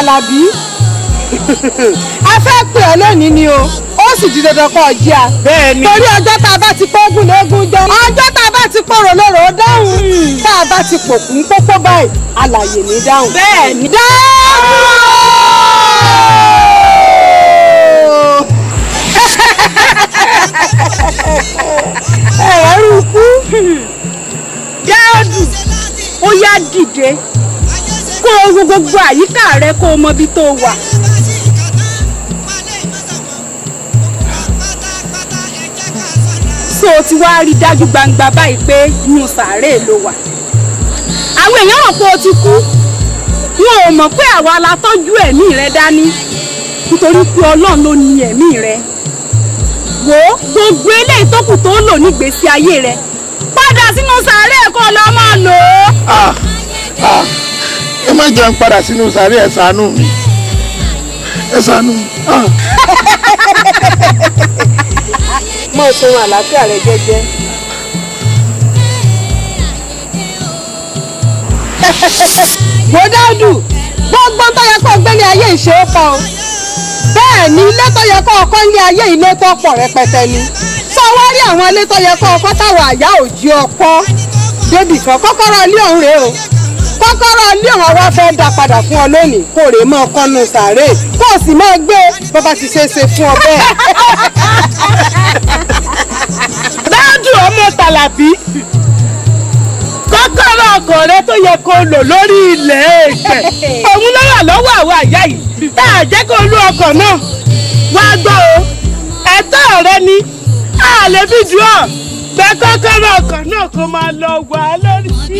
Àlàbí a fẹ́ pè ọ́ lónìí ni o ó sì di dandan kọ́ ọ jí a. bẹ́ẹ̀ni torí ọjọ́ tá a bá ti pọ́ ogun lóògùn dán. ọjọ́ tá a bá ti pọ̀rọ̀ lọ́rọ̀ ó dáhùn. tá a bá ti pòkú ń pópó báyìí àlàyé ní dáhùn. bẹ́ẹ̀ni. dáhùn. ẹ̀rù kú. dáhùn ó yá dìde kó o gbogbo àyíká rẹ kó o mọ ibi tó wà. so o ti wá rí dájú gbangba báyìí pé inú sàárè ló wà. àwọn èèyàn mọ̀ pé o ti kú wọn ò mọ̀ pé àwa la tọ́jú ẹ̀mí rẹ dání nítorí pé ọlọ́run ló ní ẹ̀mí rẹ. wo gbogbo eléyìí tó kù tó lò nígbèésí ayé rẹ padà sínú sàárè kó lọ́ọ́ máa lò ó. Ah, ah ẹ má jẹun padà sínú sàárè ẹ ṣàánú mi ẹ ṣàánú mi. Ah. mo sun àlàáfíà rẹ jẹ́jẹ́. wò dáàdù gbogbo tó yẹ kó gbélé ayé ìṣe ó bẹ́ẹ̀ ni ilé tó yẹ kó ọkọ ilé ayé ilé tó pọ̀ rẹpẹtẹ ni sọ rí àwọn ilé tó yẹ kó ọkọ táwọn àyà òjì ọkọ débì kan kọ́kọ́rọ́ ilé ọ̀hún rèé o kọ́kọ́rọ́ ilé wọn wá fẹ́ dá padà fún ọ lónìí kó rè mọ́ kọ́nù sàárè kó o sì máa gbé e. bàbá ti ṣe é ṣe fún ọ bẹ́ẹ̀. dájú ọmọ tàlàbí kọ́kọ́rọ́ ọkọ̀ rẹ tó yẹ kó lò lórí ilẹ̀ ẹ̀fẹ̀ òun ló wà lọ́wọ́ àwọn àyà yìí tá a jẹ́ kó lú ọkọ̀ náà wá gbọ́ ẹ̀tọ́ rẹ ni a lè fi jù ọ́. pé kọ́kọ́rọ́ ọkàn náà come máa lọ wà á lórí.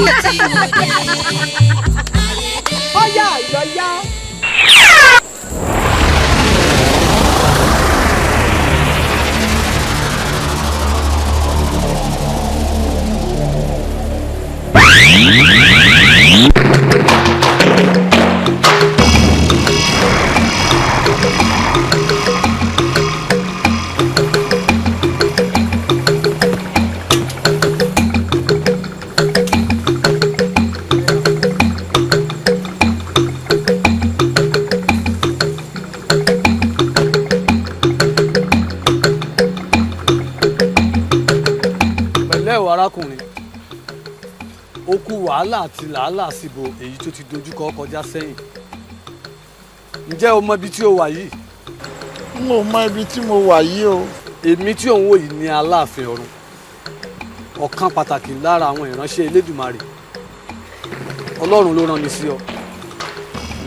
ó wàhálà àti làálà síbo èyí tó ti dojúkọ kọjá sẹ́yìn ǹjẹ́ o mọ ibi tí o wà yìí. n ò mọ ibi tí mo wà yìí o. èmi tí òun wò yìí ni aláàfin ọ̀run ọ̀kan pàtàkì lára àwọn ìránṣẹ́ elédùmarè ọlọ́run ló rán mi sí ọ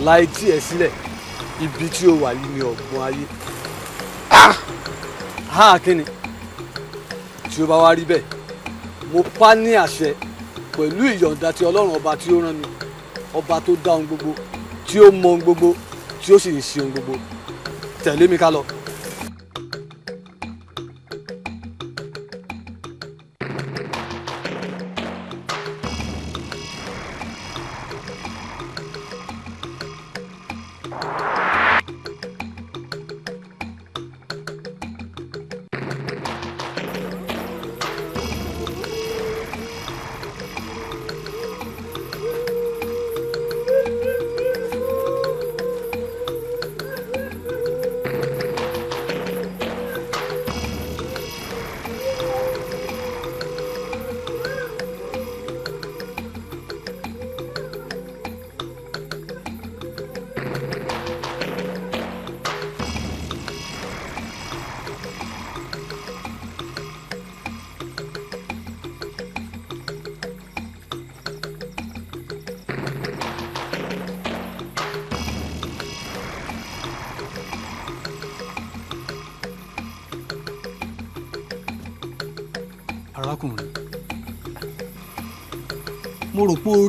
láì tí ẹ sílẹ̀ ibi tí o wà yìí ni ọ̀gbun ayé. Ah! ha kíni tí o bá wá rí bẹ́ẹ̀ mo pa ní àṣẹ pẹ̀lú ìyọ̀ǹda ti ọlọ́run ọba tí ó rán mi ọba tó dá ohun gbogbo tí ó mọ ohun gbogbo tí ó sì ń ṣe ohun gbogbo tẹ̀lé mi ká lọ.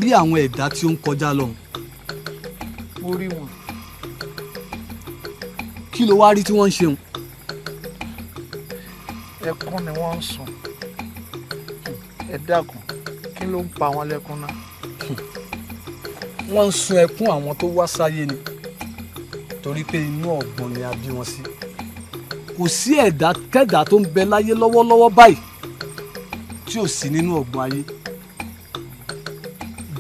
rí àwọn ẹ̀dá tí ó ń kọjá lọ. mo rí wọn. kí ló wá rí tí wọ́n ń ṣeun. ẹkún ni wọ́n ń sùn ẹ dákun kí ló ń pa wọn lẹ́kún náà. wọ́n ń sun ẹkún àwọn tó wá sáyé ni torí pé inú ọ̀gbun ni a bí wọn sí. kò sí ẹ̀dá kẹ́dà tó ń bẹ láyé lọ́wọ́lọ́wọ́ báyìí tí ò sí nínú ọ̀gbun ayé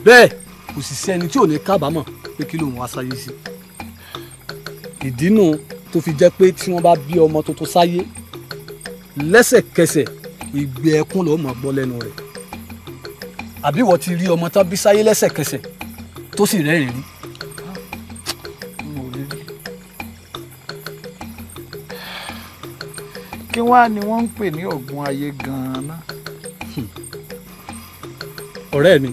bẹ́ẹ̀ kò sì sí ẹni tí ò ní kábàámọ̀ pé kí lòun wá sáyé sí ìdí nù tó fi jẹ́ pé tí wọ́n bá bí ọmọ tuntun sáyé lẹ́sẹ̀kẹsẹ̀ ìgbé ẹkún ló máa gbọ́ lẹ́nu rẹ̀ àbí wọ́n ti rí ọmọ tán bí sáyé lẹ́sẹ̀kẹsẹ̀ tó sì rẹ́rìn rí. kí wàá ni wọ́n ń pè ní ọ̀gbun ayé gan-an náà. ọ̀rẹ́ mi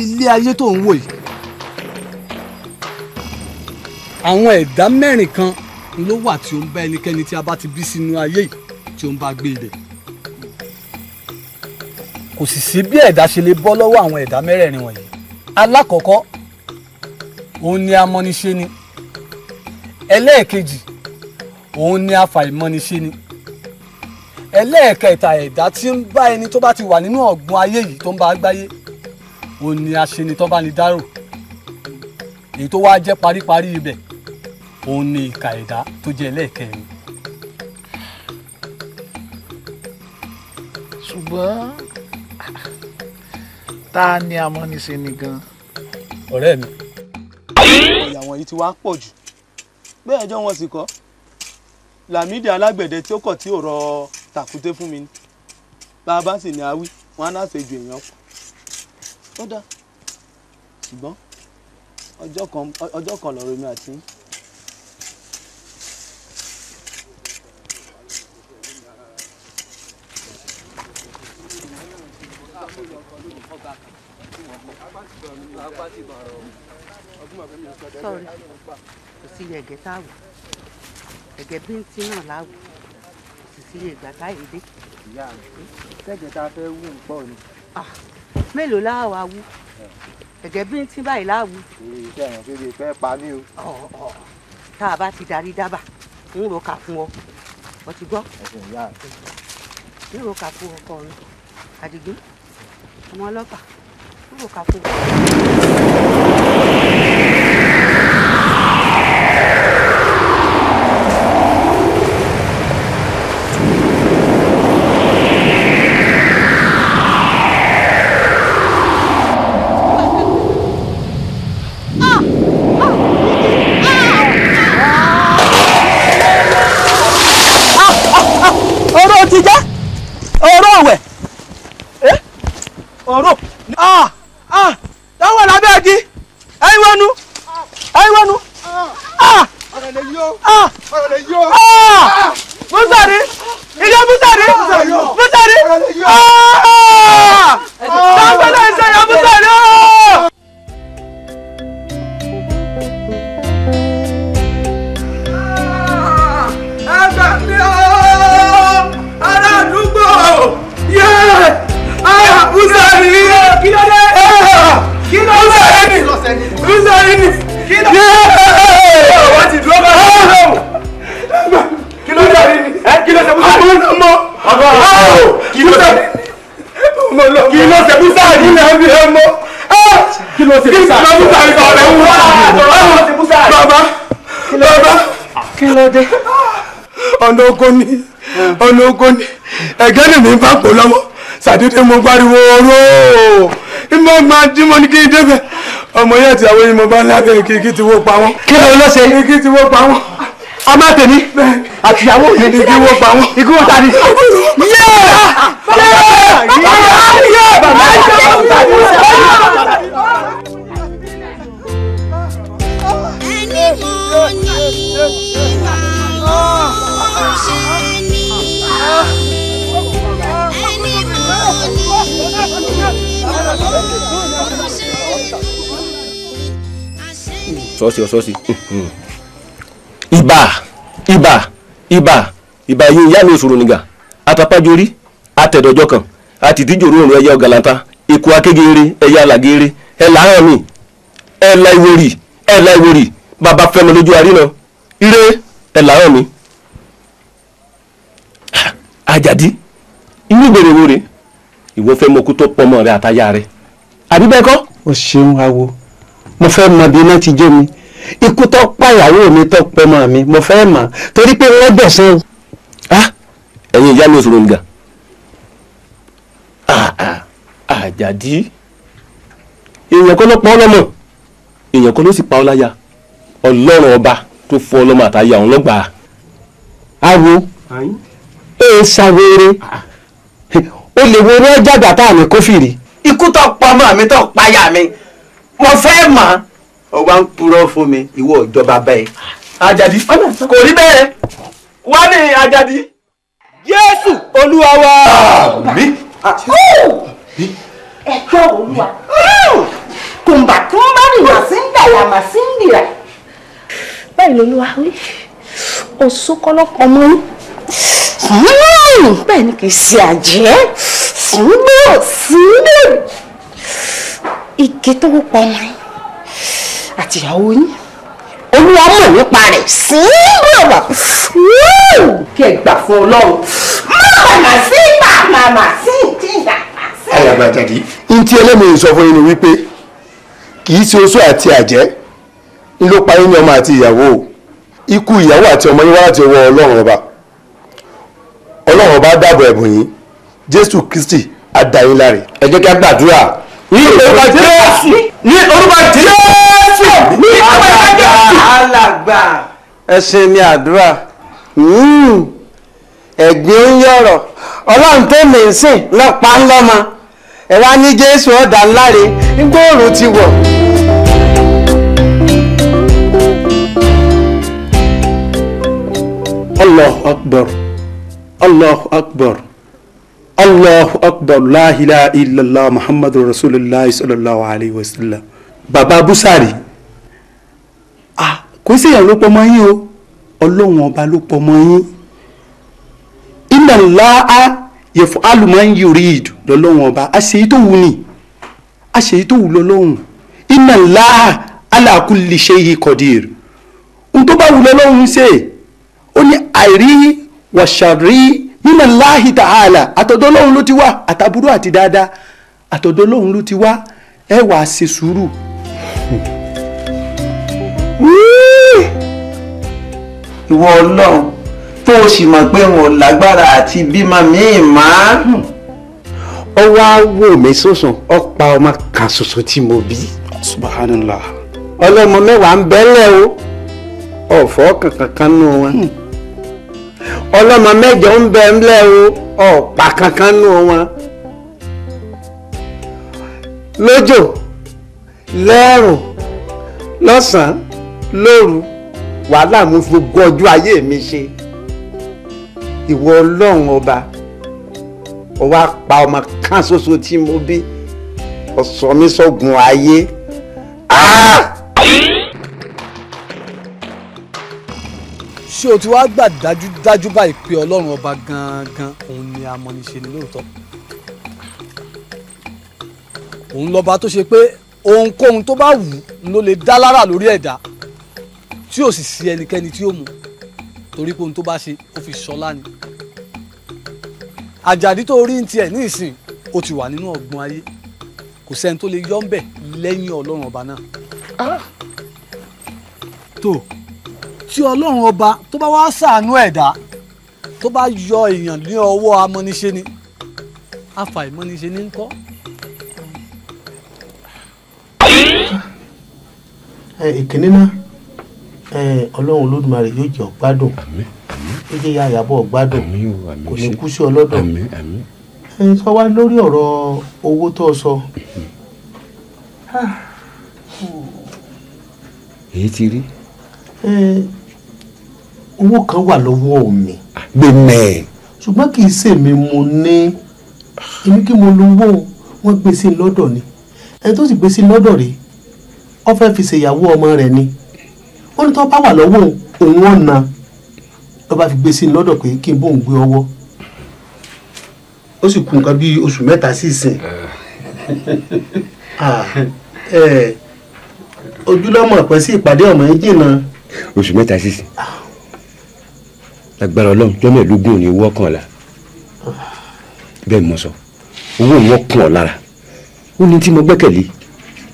ilé ayé tó ń wò yìí àwọn ẹ̀dá mẹ́rin kan ló wà tí ó ń bá ẹnikẹ́ni tí a bá ti bí sínú ayé yìí tí ó ń bá gbé ilẹ̀ kò sì sí bí ẹ̀dá ṣe lè bọ́ lọ́wọ́ àwọn ẹ̀dá mẹ́rẹ̀ẹ̀rin wọ̀nyí alákọ̀ọ́kọ́ òun ni amọ́niṣe ni ẹlẹ́ẹ̀kejì òun ni afàìmọ́niṣe ni ẹlẹ́ẹ̀kẹta ẹ̀dá tí ń bá ẹni tó bá ti wà nínú ọ̀gbun ayé yìí tó ń bá gbáyé òun ni aṣenitọ́ bá ní dárò èyí tó wáá jẹ́ paríparí ibẹ̀ òun ni ìkà ẹ̀dá tó jẹ́ ẹlẹ́ẹ̀kẹrin. ṣùgbọ́n tá a ní amọ́niṣe ni gan. ọ̀rẹ́ mi ìyàwó yìí ti wá pọ̀ jù bẹ́ẹ̀ jọ wọn sì kọ́ Lámídì alágbẹ̀dẹ tí ó kọ̀ tí ò rọ tàkúté fún mi ni bá a bá sì ní awí wọn á náà ṣe ju èèyàn kù ó dá ṣùgbọ́n ọjọ́ kan ọjọ́ kan lọ́rọ̀ mi àti. sọ̀rọ̀ kò sí yẹ̀gẹ́ táwọ̀ ẹ̀gẹ́ bíntín náà láwọ̀ kò sì sí yẹ̀gbà táyé dé. ìyá rẹ̀ tẹ́gẹ̀ta fẹ́ wù ń pọ̀ ni. Ah, mélòó láwa wú gẹ́gẹ́ bí n ti báyìí láwù. iṣẹ́ ẹ̀yàn kéde fẹ́ pa ní o. tá a bá ti darí dábà ń ro kà fún ọ ọ ti gbọ́. ń ro kà fún ọkọ mi àdìgún ọmọ ọlọ́pàá ń ro kà fún ọ. ọ̀nà oko ni ọ̀nà oko ni ẹ̀gẹ́ ni mi bá pò lọ́wọ́ sàdédé mo pariwo oró ìmọ̀ máa dímọ̀ ní kí n débẹ̀ ọmọ yẹn àti àwọn èèyàn bá lábẹ́ kí kí ti wó pa wọ́n. kí ló ló ṣe. kí kí ti wó pa wọ́n. a máa tèmi àtìyàwó mi. kí kí wó pa wọ́n. ikú wọn ta ni. yéé. ọ̀sọ́ọ̀sì ọ̀sọ́ọ̀sì hmm, hmm. ibà ibà ibà ibà yóò yá mi òṣòro nìgà atapájorí atẹ̀dọ̀jọ́ kan àtìdíjòrò òrùn ẹyẹ ọ̀gàlàntà ikú akégéré ẹyẹ alàgéré ẹ làárọ̀ mi ẹ la ìwòrì ẹ ìwòrì bàbá fẹ́mi lójú àríná ire ẹ làárọ̀ mi àjàdí inú ìbèrè wo rèé ìwọ fẹ́ mọ kú tó pọmọ rẹ àtayá rẹ àbí bẹ́ẹ̀ kọ́. o ṣeun awo mo fẹ́ mọ bí iná ti jó mi ikú tó pàyàwó mi tó pọmọ mi mo fẹ́ mọ̀ torí pé wọ́n gbẹ̀sán. Ah, ẹ̀yin ìyá mi òṣòro nìgà ah, ah, àjàdí èèyàn kan ló pa ọ́ lọ́mọ èèyàn kan ló sì pa ọ́ láyà ọlọ́run ọba tó fọ́ ọlọ́mọ àtàyà òun lọ́gbàá. awo ee ṣàwérè o lè wo orí ọjà gbàtà mi kófìrí. ikú tó pa ọmọ mi tó payà mi mo fẹ́ mọ̀ ó wá ń purọ́ fún mi ìwọ ìjọba bẹ́ẹ̀. Àjàdí kò rí bẹ́ẹ̀ wá ní Àjàdí. Jésù Olúwa wa. àmín. ẹjọ́ Olúwa kùmbà tó ń bá nìyà sí ń dàyà mà sí ń dìrà. báyìí lolúwa wí òṣù kọlọ́pọ̀ mọ́ hmm. bẹ́ẹ̀ ni kì í ṣe àjẹ́ síndò hmm. síndò ike tó ń pọ̀ mọ́ àtìyàwó yín olúwa mọ̀ nípa rẹ̀ sí bàbà kí ẹ gbà fún ọlọ́run màmá sí màmá mà sí ìjìyà. ayaba jadi n tí ẹlẹ́mìí sọ fún yín ni wípé kì í ṣe oṣù àti àjẹ́ ń ló pa yín ní ọmọ àti ìyàwó ikú ìyàwó àti ọmọ yín wá láti ọwọ́ ọlọ́run ọba ọlọ́run ọba dáàbò ẹ̀bùn yín jésù kristi á dá yín láre. ẹ jẹ́ kí a gbàdúrà ní orúkọ jésù ní orúkọ jésù. Jésù ní ìpàdé Jésù. alàgbà. ẹ sinmi àdúrà hmm. ẹ̀gbin ń yọ̀rọ̀ ọlọ́run tó mi ń sìn lọ́pàá ńlọ́mọ ẹ wá ní Jésù ọ̀dà ńláre nígbà òòrùn ti wọ̀. Allahu akbar Allahu akbar Allahu akbar la ilaha illallah Muhammadur rasulillah sallallahu alayhi wa sallam baba busari ah kò sí èèyàn ló pọ̀ mọ́ yín o ọlọ́run ọba ló pọ̀ mọ́ yín inna Allaha yaf'alu ma yurid lọ́lọ́run ọba àṣeyí tó wù ní àṣeyí tó wù lọ́lọ́run inna Allaha ala kulli shay'in qadir ohun tó bá wù lọ́lọ́run ṣe ó ní àìrí wàṣàrí inna Allahi ta'ala àtọ̀dọ̀ ọlọ́run ló ti wá àtàbúrò àti dáadáa àtọ̀dọ̀ ọlọ́run ló ti wá ẹ ṣe sùúrù. Hmm. ìwọ ọlọrun tó o sì mọ̀ pé wọn ò lágbára àti bímọ míì má. Hmm. ó wáá wò mí sọ̀sọ̀ ó pa ọmọ kan ṣoṣo tí mo bí. subhanallah. ọlọ́mọ mẹ́wàá ń bẹ́lẹ̀ o ọ̀fọ́ kankan kan nù wọn. Hmm. ọlọ́mọ mẹ́jọ ń bẹ o ọ̀pá kankan nù wọn. lójò lẹ́rùn lọ́sàn-án lóru wàhálà mo fi gbogbo ọjọ́ ayé mi ṣe ìwọ ọlọ́run ọba ó wá pa ọmọ kan ṣoṣo tí mo bí ó sọ mí sọ́gun ayé. Ah! ṣé o ti wá gbà dájúdájú báyìí pé ọlọ́run ọba gangan òun ni amọ̀niṣe ni lóòótọ́ òun lọ́ba tó ṣe pé ohunkóhun tó bá wù ú ló lè dá lára lórí ẹ̀dá. E tí ò sì sí ẹnikẹ́ni tí ó mú torí pé ohun tó bá ṣe ó fi ṣọlá ni àjàdí tó rí ń tiẹ̀ ní ìsìn ó ti wà nínú ọ̀gbun ayé kò sẹ́ni tó lè yọ́ ń bẹ̀ lẹ́yìn ọlọ́run ọba náà. Ah! tó tí ọlọ́run ọba tó bá wá ṣàánú ẹ̀dá tó bá yọ èèyàn ní ọwọ́ amọ́niṣe ni àfàìmọ́niṣe ní ń kọ́. ẹ ìkíní náà ọlọ́run olódùmarè yóò jẹ́ ọ̀gbádùn yóò jẹ́ yàyàbọ̀ ọ̀gbádùn kò ní kú sí ọlọ́dọ̀ sọ wá lórí ọ̀rọ̀ owó tó sọ. Ah. èyí ti rí. owó kan wà lọ́wọ́ mi. gbẹmẹ. ṣùgbọ́n kì í ṣèmi mo ní èmi kí mo lówó wọn gbèsè lọ́dọ̀ ni ẹni tó sì gbèsè lọ́dọ̀ rèé ó fẹ́ fi ṣèyàwó ọmọ rẹ̀ ni. Mm -hmm ó ní tó bá wà lọ́wọ́ òun wọn na ló bá fi gbé sí i lọ́dọ̀ pé kí n bóun gbé ọwọ́ ó sì kú nǹkan bíi oṣù mẹ́ta sí ìsìn eh. ah, ojúlọ́mọ̀ pẹ́ sí ìpàdé ọmọ yẹn jìnnà. oṣù mẹ́ta sí ìsìn agbára ọlọ́run jọ́mọ̀ ẹ̀ẹ́dógún ò ní wọ́kànlá ah. bẹ́ẹ̀ mọ̀ sọ owó wọn kún ọ lára ó ní tí mo gbẹ́kẹ̀lé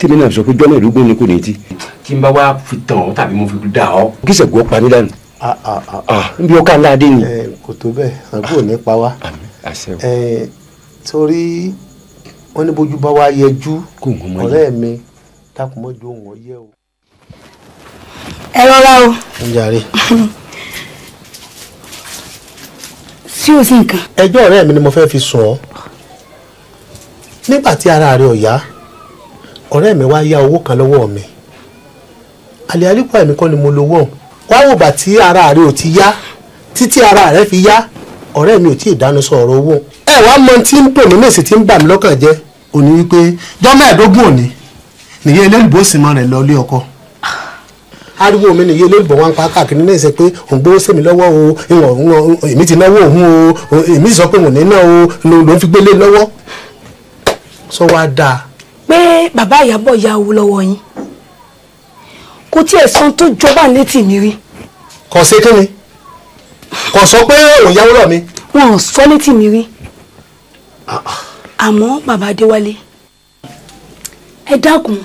tèmi náà sọ pé jọ́nà ìdógún ni kò ní ti. kí n bá wá fi tàn ọ́ tàbí mo fi dà ọ́. kí sẹ̀gùn ó pa ní dànù. n ah, ah, ah, bí ó ká ńlá dé ni. kò tó bẹ́ẹ̀ àgbo ní pa wá. torí wọ́n ní bójú bá wá yẹjú ọ̀rẹ́ mi dákúmọ́jú òun yẹ o. ẹ rọra o. ń jàre. sí o sí nǹkan. ẹjọ́ ọ̀rẹ́ mi ni mo fẹ́ fi sùn ọ́ nígbà tí ara rẹ̀ ò yá ọ̀rẹ́ mi wá yá owó kan lọ́wọ́ mi àlẹ́ àríkù àmì kan ni mo lówó ọ̀hún wá wò bá tí ara rẹ ò ti yá títí ara rẹ fi yá ọ̀rẹ́ mi ò tí ì dánu sọ ọ̀rọ̀ owó ẹ wá mọ tí ń pè mí mèsì tí ń bà mí lọ́kàn jẹ́ òní wípé jọ́mọ́ ẹ̀ẹ́dógún òní nìyẹn eléyìnbó sì mọ rẹ̀ lọ ilé ọkọ ariwo mi nìyí eléyìnbó wa ń pa káàkiri náà ṣe pé òun gbówó sèmi lọ́wọ́ o ìwọ̀n èmi ti náwó òun o èmi sọ pé òun ní náà o ló ń fi gbélé lọ́wọ́ sọ wá dáa pé bàbá ìyàbọ̀ ya owó lọ́wọ́ yín kò tiẹ̀ san tó jọba létí mi rí. kò ṣe kí ni kò sọ pé òun yáwó lọ mi. wọn ò sọ létí mi rí ah, ah. àmọ́ bàbá adéwálé ẹ dákun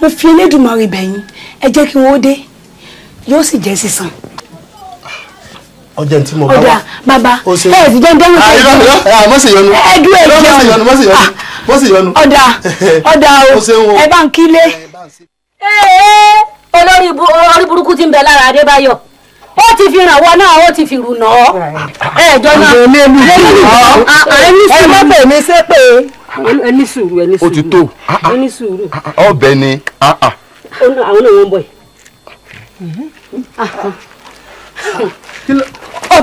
mo fi elédùnmarè bẹ̀yìn ẹ jẹ́ kí wọ́n dé yóò sì jẹ́ sísan. ọjà tí mo bá wà. ọ̀dà bàbá ẹ ti jẹ́ ń dẹ́rù sí i. àmọ́ sì yọnu. ẹ dúró ẹ jẹun bó sì yọnu. ọ̀dà ọ̀dà o ẹ bá ń kílé. olórí orí burúkú ti ń bẹ lára Adébáyọ̀ ó ti fi ràn wọ́n náà ó ti fi rù nà ọ́. ẹ jọ náà ẹ ní sùúrù ẹ má bẹ̀ mí sépè. ẹ ní sùúrù ẹ ní sùúrù. ó ti tó ẹ ní sùúrù. ọbẹ̀ ni. Ah, ah. àwọn náà wọ́n ń bọ̀ yìí.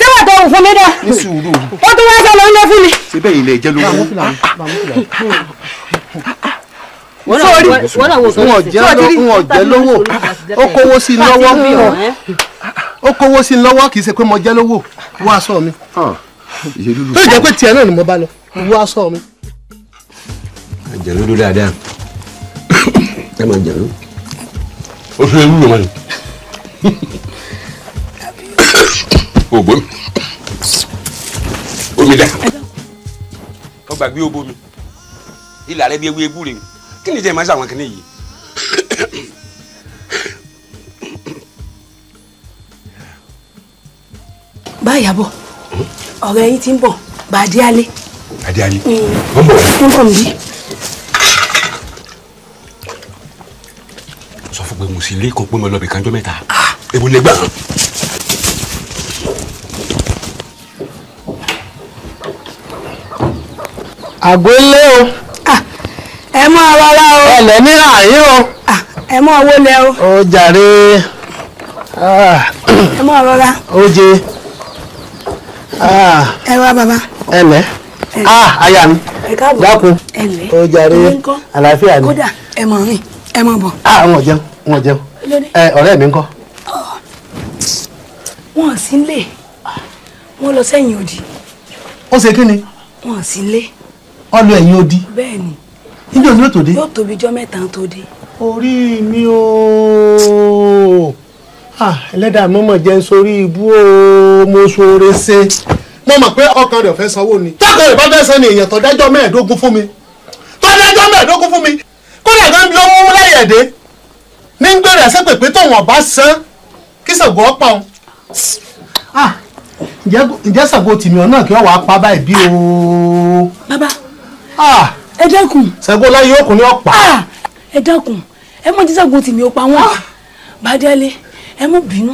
ṣé wà tó fún mi dá. ní sùúrù. ó tún wá sọ lọ ń lọ fún mi. ṣé bẹ́ẹ̀ ilé ẹ̀jẹ̀ ló ń wọ́n jẹ́ lówó ó kówó sí lọ́wọ́ ó kówó sí lọ́wọ́ kì í ṣe pé mo jẹ́ lówó wá aṣọ mi ah, tó jẹ́ pé tiẹ̀ náà ni mo bá lọ wá aṣọ mi. àjẹlódó dáadáa ẹ máa jẹ̀lú ó ṣe é wúlò mọ́ni òbó mi omi dà ó gbàgbé òbó mi ilà rẹ bí ewu egbú rèé kí ni jẹ́ ìmọ̀ sàwọn kìnìún yìí. báyà bọ̀ ọ̀rẹ́ yín ti ń bọ̀ bàdé alẹ́. bàdé alẹ́ mm. ó ń bọ̀ ó ń bọ̀ nbí. sọ fún pé mo kan pé mo lọ bìkan jọ mẹ́ta ah. èwo lè àgọ́ ilé o. ẹ mọ rárá o. ẹlẹ ní àárín o. ẹ mọ owó lẹ o. ó jàre. Ah. ẹ mọ rọra. ó jẹ. Ah. ẹ wá bàbá. ẹlẹ. Ah, aya mi dákun o jàre àlàáfíà ni. kódà ẹ mọ rìn ẹ mọ bọ. wọn jẹun wọn jẹun ọ̀rẹ́ mi ń kọ́. wọn ò sí lè wọn lọ sẹ́yìn òdì. ó ṣe kí ni. wọn ò sí lè ọlọ ẹ̀yìn odi. bẹ́ẹ̀ni níjọ́ tí yóò tó dé. yóò tóbi jọ́ mẹ́ta tó dé. orí mi o ẹlẹ́dàá mi mọ̀ jẹ́ sórí ibú o mo ṣoore ṣe mo mọ̀ pé ọkàn rẹ̀ fẹ́ sanwó ni tọ́kàn rẹ̀ bá fẹ́ san ni èèyàn tó dájọ́ mẹ́ẹ̀ẹ́dógún fún mi tó dájọ́ mẹ́ẹ̀ẹ́dógún fún mi kódà gan bí ó mú láyẹ̀dẹ́ ní gbèrè àṣepè pé tóun ọ̀bá san kí sàgó ọ̀pá òun. ǹjẹ́ sàgó tìmí ọ̀ náà kí wọ́n wàá pa báyìí bí o. bàbá Ah! ẹ dákun. Ṣàngó láyé òkun ni ó pa. Ah! ẹ dákun ẹ mọ jíjàgbó tèmi ó pa wọn ah! bàdálẹ ẹ mọ bínú.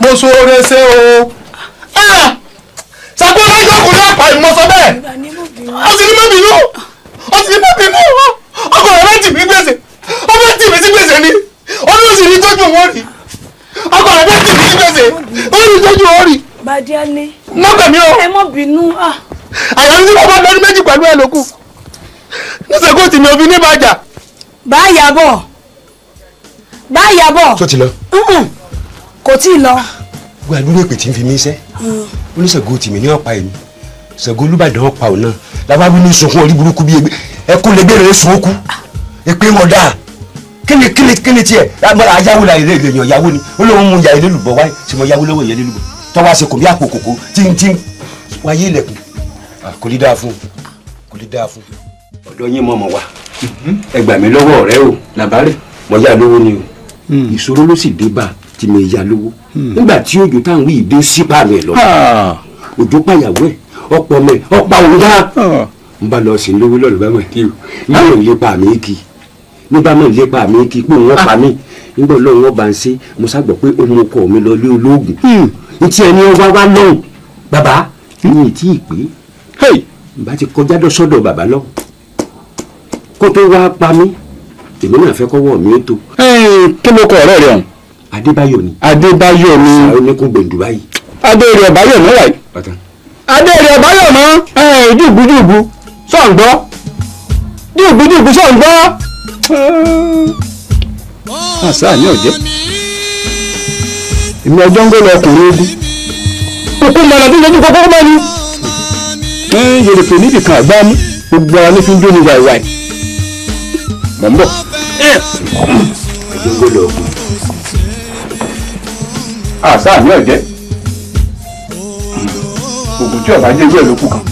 mo sọ oore ṣe o Ṣàngó láyé òkun ni ó pa ìmọ̀ sọ bẹ́ẹ̀ ó sì ní mọ́ bínú ó sì ní mọ́ bínú ọkọ̀ rẹ̀ láti bí gbèsè ó fẹ́ tì mí sí gbèsè ni ó ní oṣù ní tọ́jú wọn rí ọkọ̀ rẹ̀ fẹ́ tì mí sí gbèsè ó ní tọ́jú wọn rí. bàdálẹ. mọ́kànmí o. ẹ mọ bínú. àyà ń sí bàbá lọ́dún méjì pẹ̀lú ẹ̀ lókù níṣẹ́ kó tì mí òfin ní bàjá. báyà bọ̀ báyà bọ̀. tó ti lọ. kò tí ì lọ. gbogbo àdúrà èpè tí ń fi mí sẹ́ oníṣègùn tì mí ní ọ̀pá èmi ṣègùn olúbàdàn ọ̀pá òun náà làwọn abúlé sunkún orí burúkú bíi ẹkún lẹgbẹ́ rẹ̀ sun okú èpè wọn dáa kíni kíni kíni tiẹ̀ ayáwó la ilé èèyàn yáwó ni olóhùn mu ya ilé lùbọ̀ wáyé tí mo yáwó lọ́wọ́ ìyẹn lùbọ̀ tọ́wọ́ àṣekùn bí àpò kòkó tí wáyé ilẹ̀kùn kò lè dáa fún kò lè dáa fún ọ̀dọ̀ yín mọ̀mọ̀ wa ẹ gbà mí lọ́wọ́ ọ̀rẹ́ o làbárẹ̀ mo yá lówó ni o hmm. ìṣòro ló sì dé bá tí mo yá lówó hmm. nígbà tí òjò táwọn yìí dé sípà mi lọ òjò pàyàwó ẹ ọ̀pọ̀ mẹ ọ̀pá òun dá n bá lọ sí lówó lọ́dọ̀ bá mọ̀ kí o yóò ń lépa mi kí ní bá mọ̀ lépa mi kí pé wọ́n pa ah! mí nígbà lọ́wọ́ wọn bá ń ṣe mo ságbọ̀ pé ó mú ọkọ mi lọ lé olóògùn hmm. ntí ẹni wá wá lọ́hùn bàbá mi ì tí bá ti kọjá lọ sọ́dọ̀ bàbá lọ́hùn kó tó wá pa mí èmi náà fẹ́ kọ́wọ́ mi tó. kí ló kọ ọ̀rẹ́ rẹ ọ̀hún. adébáyọ̀ ni. adébáyọ̀ ni. sàrò ní kò gbèǹdù báyìí. adéèrè ọ̀báyọ̀ mọ́ wáyé. adéèrè ọ̀báyọ̀ mọ́. jùgbùjùgbù sọ̀ ń gbọ́. jùgbùjùgbù sọ̀ ń gbọ́. àṣà ah, ni ọ̀jẹ́. èmi ọjọ́ ń gbọ́dọ̀ ọkùnrin ogun. kókó mọ̀nà tó ń lójú kókó mọ́ni. yèrèpè níbìkan àgbá mú gbogbo ara ní fi ń dóni wàìwàì mọ̀ ń bọ̀ ẹ̀ẹ́dógó lọ́ọ̀gùn àṣà mi ọ̀jẹ́ ògùn tí ọ̀bá jẹ́ wíwẹ̀ ló kù kan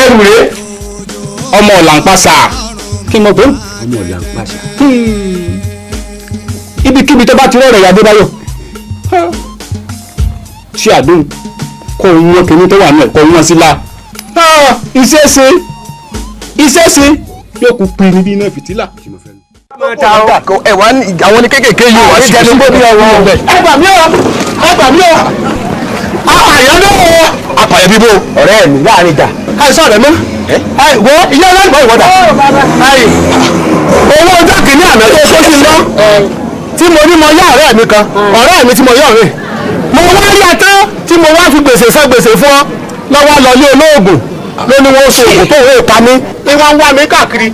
ẹrù rèé ọmọ ọ̀làǹpasà kí n mọ̀ pé ọmọ ọ̀làǹpasà ibikíbi tó bá ti rọrẹ̀ yàgbé báyọ̀ ṣé àdéhùn kó wọn kìíní tó wà náà kó wọn sí la iṣẹ́ ṣe iṣẹ́ ṣe yóò kú pinni bí iná fìtílà. ẹ̀wà àwọn ni kéékèèké yìí wá sí ìṣẹ́gbó ní ọwọ́ ọ̀bẹ. ẹ gbà mí o ẹ gbà mí o apààyàn ló wọ. apààyàn bíbó. ọ̀rẹ́ àìsàn rẹ̀ mọ́. ẹ wọ iye aláìbọ̀ ìwọ́dà. owó ọjọ́ kìíní àná tó tó ti lọ tí mo ní mo yá ọ̀rẹ́ mi kan ọ̀rẹ́ mi tí mo yá ọ̀rẹ́ mo wá rí ata tí mo wá fi gbèsè san gbèsè fún ọ lọ́wọ́ lọ olóògùn ló ní wọ́n ṣe òògùn tó wọ́n pa mí pé wọ́n ń wá mi káàkiri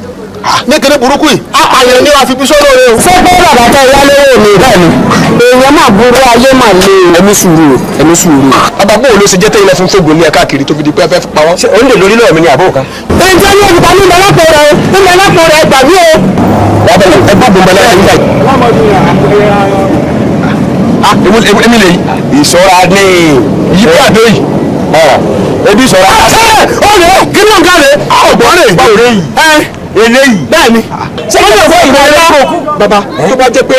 nítorí burúkú yìí apààyàn ni wàá fi bí sọ́rọ̀ rẹ o. ṣé pé bàbá tó yá lówó mi bẹ́ẹ̀ ni èèyàn máa burú ayé máa le ẹni sùúrù ẹni sùúrù. bàbá bò ló ṣe jẹ́ tẹ́yìn lẹ́fún fóògùn ní ẹ̀ káàkiri tó fi di pé ẹ fẹ́ pa wọ́n. ṣé òun lè lórí lọ́wọ́ mi ní àbó kan. èyí tí wọ́n yóò fi pa mí lọ́pọ̀ rẹ nílẹ̀ lọ́pọ̀ rẹ gbà mí o. wàá bẹ̀rẹ̀ ẹ bá bọ̀ bọ̀lá yín báyìí. èmi lè ìṣọ́ra ní yípadò yìí ebi sọ̀rọ̀. sẹ́yìn ah, olè kí ló ń kárẹ̀. ọ̀gbọ́n rẹ̀ gbọ́ rẹ̀ yìí. eléyìí. bẹ́ẹ̀ni. sẹ́yìn ló fọ́ ìwà ẹ̀rọ. baba tó bá jẹ́ pé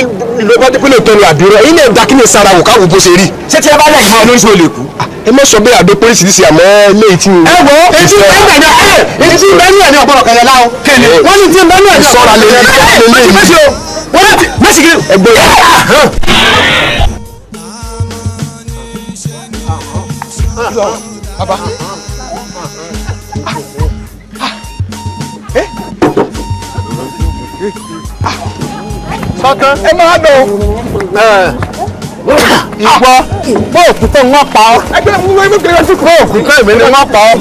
ló bá jẹ́ pé lóòótọ́ ni àbí rẹ̀ yín lè da kí ni sara wò káwọ́ bó ṣe rí. ṣé tí a bá lẹ̀ yìí máa lóṣù olè kú. Ah, ẹ má sọ bẹ́ẹ̀ àbẹ pólísìírísì àmọ́ léyìí tí mi. ẹ wọ etí bẹ́ẹ̀ ní ọ̀pọ̀lọpọ̀ bàbá. sọ̀tàn ẹ máa lọ ìgbọ́ bó òkúta wọn pa ọ́. ẹgbẹ́ mi ló ń gbé lọ sí kúrò. òkúta èmi ni wọ́n pa ọ́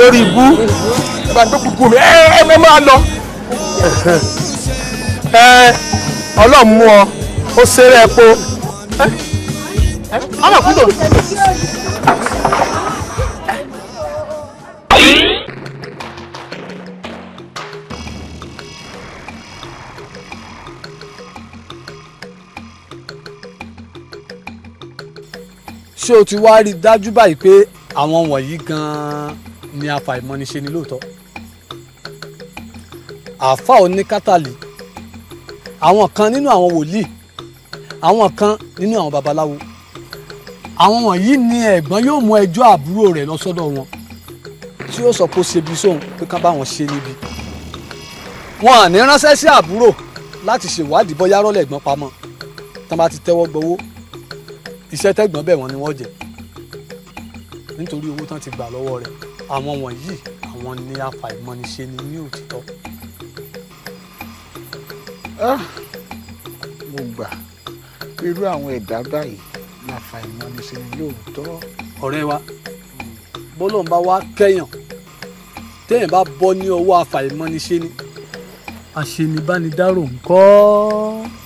lórí ibú. bàbá tó kúkú mi ẹ ẹ máa lọ. ẹ ọlọ́run mú ọ ó ṣeré epo. ọmọ kúndùn. ṣé o ti wá rí i dájú báyìí pé àwọn wọ̀nyí gan-an ni àfàìmọ́ni ṣe ni lóòótọ́ àáfà oníkátàlì àwọn kan nínú àwọn wòlíì àwọn kan nínú àwọn babaláwo àwọn wọ̀nyí ni ẹ̀gbọ́n yóò mú ẹjọ́ àbúrò rẹ̀ lọ sọ́dọ̀ wọn tí ó sọ pé ó ṣebi sóhun pé ká bá wọn ṣe níbi wọn à ní ránṣẹ́ sí àbúrò láti ṣèwádìí bọ́yá rọ́lẹ̀ ẹ̀gbọ́n pamọ́ tán bá ti tẹ́wọ́ gbowó iṣẹ́ tẹ́gbọ́n bẹ̀ wọ́n ni wọ́n jẹ nítorí owó tán ti gbà lọ́wọ́ rẹ̀ àwọn wọ̀nyí àwọn ni afàìmọ̀niṣe ni ní òtítọ́. Ah, mo gbà irú àwọn ẹ̀dá báyìí la fàìmọ̀niṣe ni lóòótọ́. ọ̀rẹ́ wa hmm. bọ́lọ́n bá wá kẹ́yàn téèyàn bá bọ́ ní ọwọ́ afàìmọ̀niṣe ni àṣenibánidárò ńkọ́.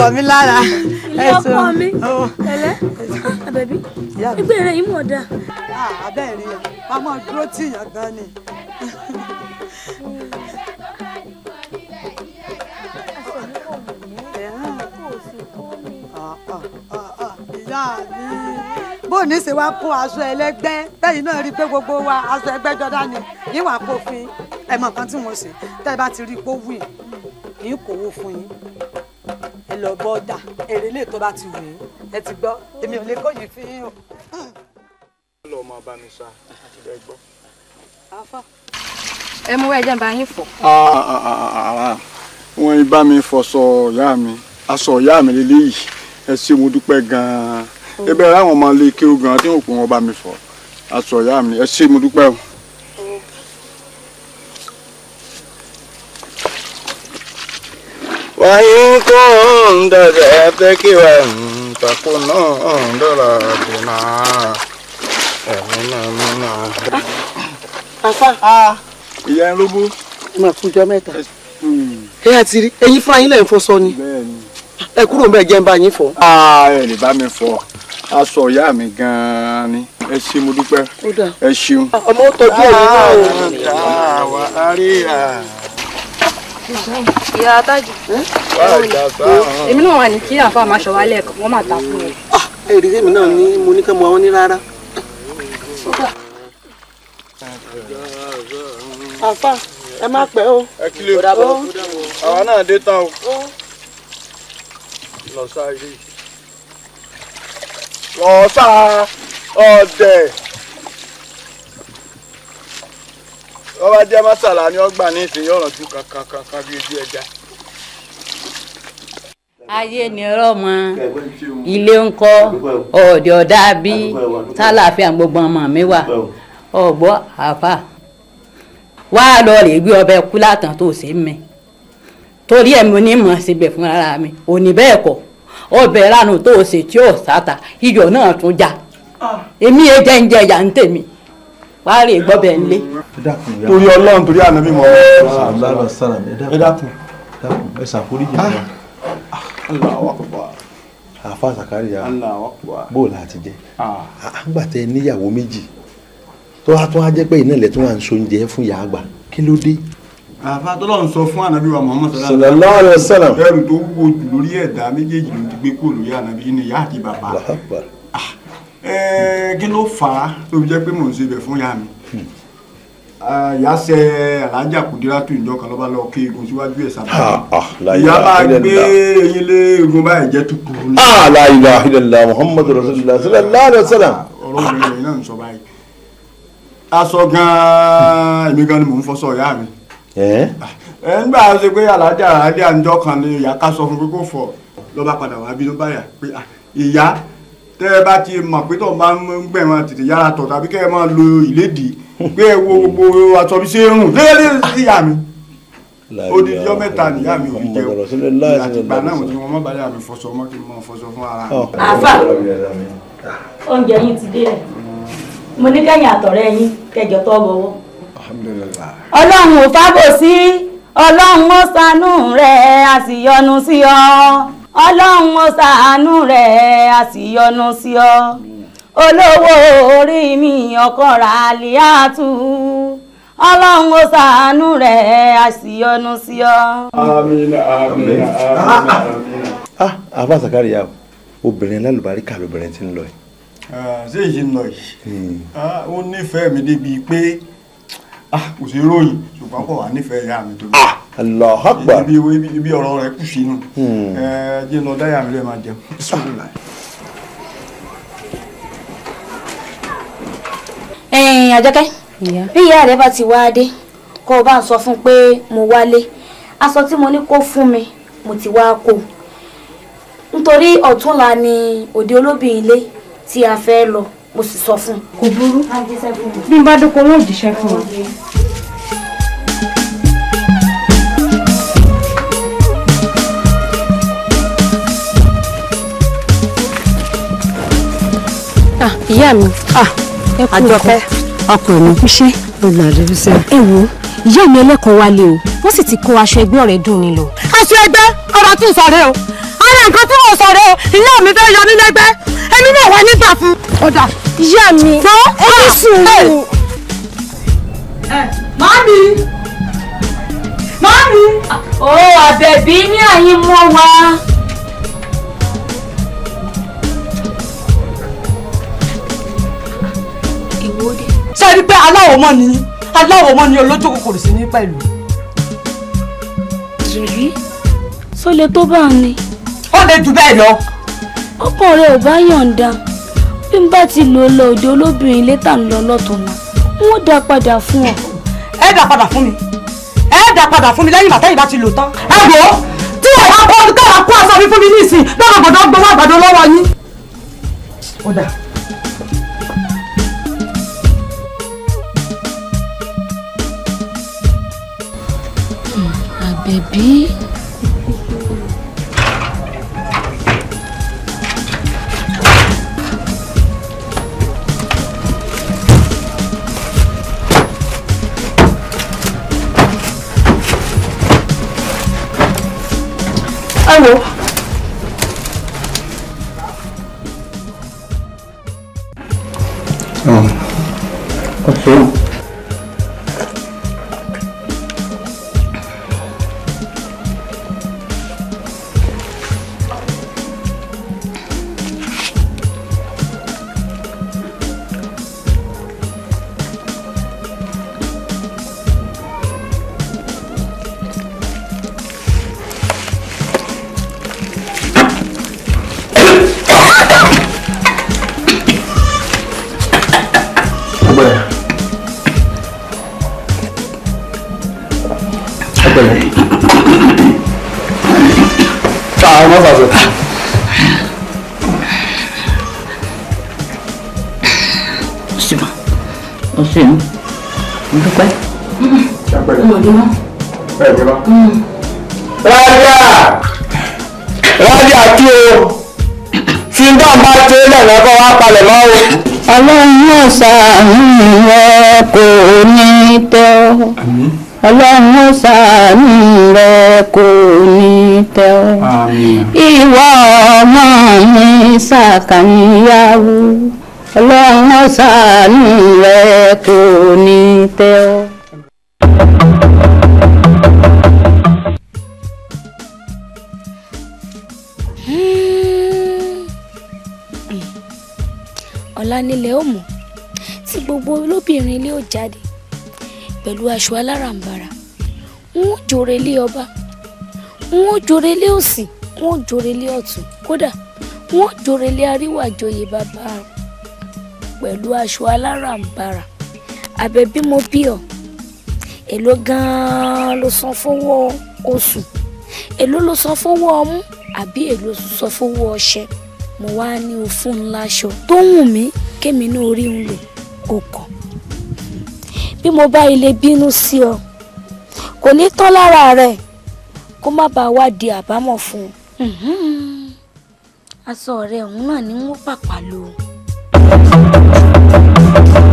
wọ̀ mí lára. ilé ọkọ mi ẹlẹ àbẹ̀bí ẹgbẹ́ rẹ̀ yìí mọ̀ dáa. abẹ́rẹ́ yẹn máa mọ̀ dúró tìyàn gan ni. ìyá mi bó ní ṣe wá kó aṣọ ẹlẹgbẹ́ bẹ́yìn náà rí pé gbogbo wa aṣọ ẹgbẹ́jọdá ni níwà kófin ẹ tí mo ṣe tẹ́ ẹ bá ti rí i pé ó wù yín kò wó fún yín lọ bọ́dà èrè lè tó bá ti wù ú ẹ ti gbọ́ èmi ò lè kọ́ yìí fi hàn. lọ máa bá mi sá ẹ gbọ́. àáfà ẹ mú ẹjẹ bá yín fọ. Ah, ah, ah, wọ́n bá mi fọṣọ ìyá mi aṣọ ìyá mi lélẹ́yìí ẹ ṣé mo dúpẹ́ gan-an ẹ ọmọ ilé kéwù gan tí wọ́n pọ̀ wọ́n bá mi fọ aṣọ ìyá mi ẹ ṣé mo dúpẹ́ wáyé kunda zetekiwa takunondola bina ẹnunamuna. afa. ìyá ah. lóbó. mà kújọ mẹ́ta. ẹ àti hmm. rí ẹyin fún ayín lẹ́yìn fọṣọ ni ẹ kúrò mẹ jẹ́ ń bá yín fọ. Ah, ẹ lè bá mi fọ aṣọ ìyá mi gan-an ni ẹ ṣé mo dúpẹ́ ẹ ṣeun. Ah, ọmọ tọjú ẹ̀ nínú àwọn. àwa àríyá ìyá atájù èmi náà wà ní kí àfa máa ṣọwá lẹ́ẹ̀kan wọ́n máa ta fún mi. èrè ah, tèmi náà ni mo ní ká mọ àwọn ní rárá. àfa ẹ má pẹ́ o. ẹ kí lè kó àwa náà dé tán o lọ sáré lọ sá ọdẹ. wọ́n bá jẹ́ mọ́sàlá ni ọgbà ní ìsìn yọ̀rọ̀ ju bí ojú ẹja. ayé ni rọmọ ilé ń kọ ọ̀dẹ̀ bí tálàfíà gbogbo ọmọ mi wà ọ̀gbọ́ àfà wá lọ rè gbé ọbẹ̀ kú látàn tó sì mẹ́ torí ẹ̀ mo ní mi òní bẹ́ẹ̀ kọ́ ọbẹ̀ tó tí ò sáta iyọ̀ náà tún já ah. èmi ẹ wàá rè gbọ́bẹ̀ ńlé. torí ọlọ́run torí ànábì mọ́ ẹ dákun ẹ ṣàforíjì fún wa àfa Sàkáríyà bóòlù àti jẹ àgbà ah. ah, tẹ níyàwó méjì tó wá tó a jẹ́ pé iná ilẹ̀ tó wà ń sóúnjẹ fún ìyá àgbà kí ló dé. àfa tó lọ́n sọ fún ànábì wa Muhammad sallallahu alaihi wasallam ẹrù tó wúwo jù lórí ẹ̀dá méjèèjì ló ti gbé kó lórí ànábì ní ìyá bàbá. Eh, kí ló faa á tó jẹ́ ya mi ah, ìyá ṣe alájà Kúdírátù ìjọ kan lọ́ba lọ kí egun síwájú ẹ̀ sábà ah, ah, ìyá máa gbé eyín lé egun báyìí jẹ́ tukuru ní. la ilaha illallah muhammadu rasulullah sallallahu alaihi wasallam. ọ̀rọ̀ ìrìn rẹ̀ náà ń sọ báyìí gan gan ni mi. Eh? Eh, kan ni tẹ́ ẹ bá ti mọ̀ pé tọ̀ bá ń gbẹ̀ wọn tètè yára tọ̀ tàbí kẹ́ ẹ máa lo ìlédìí pé wo gbogbo aṣọ mi ṣe ń rùn lélẹ́ ìyá mi odidi ọmọ mẹ́ta nìyá mi ò fi jẹun àtìgbà náà mo ti mọ balẹ̀ àmì fọṣọ ọmọ kí n mọ fọṣọ fún ara àfà oúnjẹ yín ti dé rẹ̀ mo ní kẹ́yìn àtọ̀rẹ́ yín kẹjọ tó bọ̀wọ́. ọlọ́run ò fábòsí ọlọ́run ó ṣàánú rẹ̀ a sí ọ ọlọ́run ó ṣàánú rẹ̀ a sì yọ́nú sí ọ olówó orí mi ọkọ rà líàtú ọlọ́run ó ṣàánú rẹ̀ a sì yọ́nú sí ọ. àmín àmín ah àbá sàkárì yà obìnrin lálùbáríkà lóbìnrin ti ń lọ yìí. Ah, ṣé èyí ń lọ yìí hmm. ah, ó nífẹ̀ẹ́ mi débi pé ah, kò sí ròyìn ṣùgbọ́n kò wá nífẹ̀ẹ́ ìyá mi tó lọ. Allahu Akbar. ibi ìwé ibi ọ̀rọ̀ rẹ̀ kù sínú hmm. ẹ jẹ́ lọ dáyà mi lè máa jẹun. ẹ̀yin àjọkẹ́ bí ìyá rẹ bá ti wá dé kó o bá ń sọ fún pé mo wálé aṣọ tí mo ní kó fún mi mo ti wá kó nítorí ọ̀túnla ni òde olóbì ilé tí a fẹ́ lọ mo sì sọ fún un. kò burú bí n bá dúkọ́ wọn ò fún wa. ìyá mi ah, àjọpẹ́ ọkọ mi ṣe ẹ wo ìyá mi ẹlẹ́kọ̀ọ́ wálé o wọ́n sì ti kó aṣọ ẹgbẹ́ ọ̀rẹ́ dùn ni lọ. aṣọ ẹgbẹ́ ọ̀rọ̀ tún sọ̀rọ̀ o ara nǹkan tí mo sọ̀rọ̀ o ìyá mi fẹ́ yọ mí lẹ́gbẹ́ ẹni náà wà nígbà fún. ọ̀dà ìyá mi ẹni ah, sùúrù. Eh, màámi màámi. ó oh, àbẹ̀bí ní àyín mọ́ wa. ẹ rí pé aláwọ̀ mọ́ ni aláwọ̀ mọ́ ni olójú kòkòrò sí ní pẹ̀lú. jèrè tó le tó bá ń ni. ó le jù bẹ́ẹ̀ lọ. ọkàn rẹ ò bá yọ̀ǹda bí n bá ti lò lọ òde olóbìnrin létà ń lọ lọ́tọ̀ọ̀nà n ó dá padà fún ọ. ẹ dá padà fún mi ẹ dá padà fún mi lẹ́yìn bàtà ìbá ti lò tán. ẹ wò ó tí ẹ bá kọ́ ọdún kára kó mi fún mi ní ìsìn náà gbọ́dọ̀ gbọ́wọ́ bebi. Alô? Hum. Tá Passou. tó ní tẹ́ọ́. ọ̀la hmm. nílẹ̀ ó mọ̀ tí gbogbo olóbìnrin ilé ó jáde pẹ̀lú aṣọ aláràǹbarà n ó jòrè lé ọba n ó jòrè lé òsì n ó jòrè lé ọ̀tún kódà n ó jòrè lé àríwájòyè bàbá pẹ̀lú aṣọ aláràǹbarà àbẹ̀bí mo bí ọ èló gan-an ló san fowó oṣù èló ló san fowó ọmú àbí èló san fowó ọṣẹ mo wá ní o fún un láṣọ tó wù mí kémi náà rí un lò ọkọ bí mo bá ilé bínú sí ọ kò ní tán lára rẹ kó má bàa wá di àbámọ̀ fún un aṣọ rẹ òun náà ni wọ́n pàpà lò. thank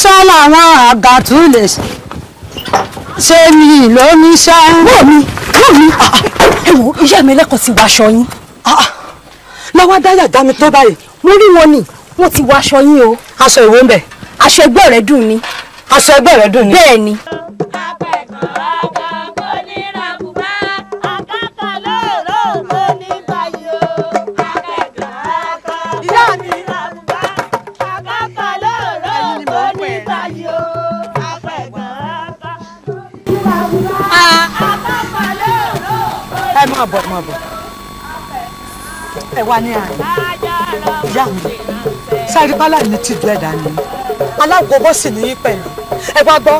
oníṣẹ́ làwọn àgàtú lè ṣe ni lóníṣẹ́. wọ́n mi wọ́n mi ah, ah. ẹ wo iṣẹ́ mi lẹ́kọ̀ọ́ ti wàṣọ yín. Ah, lọ́wọ́ dáyà dá mi tó báyìí mo rí wọn ni wọ́n ti wàṣọ yín o. aṣọ ìwé ń bẹ. aṣọ ẹgbẹ́ rẹ dùn ni. aṣọ ẹgbẹ́ rẹ dùn ni. bẹ́ẹ̀ máa bọ̀ ẹ wá ní àná ìyá mi sáré pálá ní tìjú ẹ̀dá ni aláwọ̀ bọ́ sì ní í pẹ̀lú ẹ wá gbọ́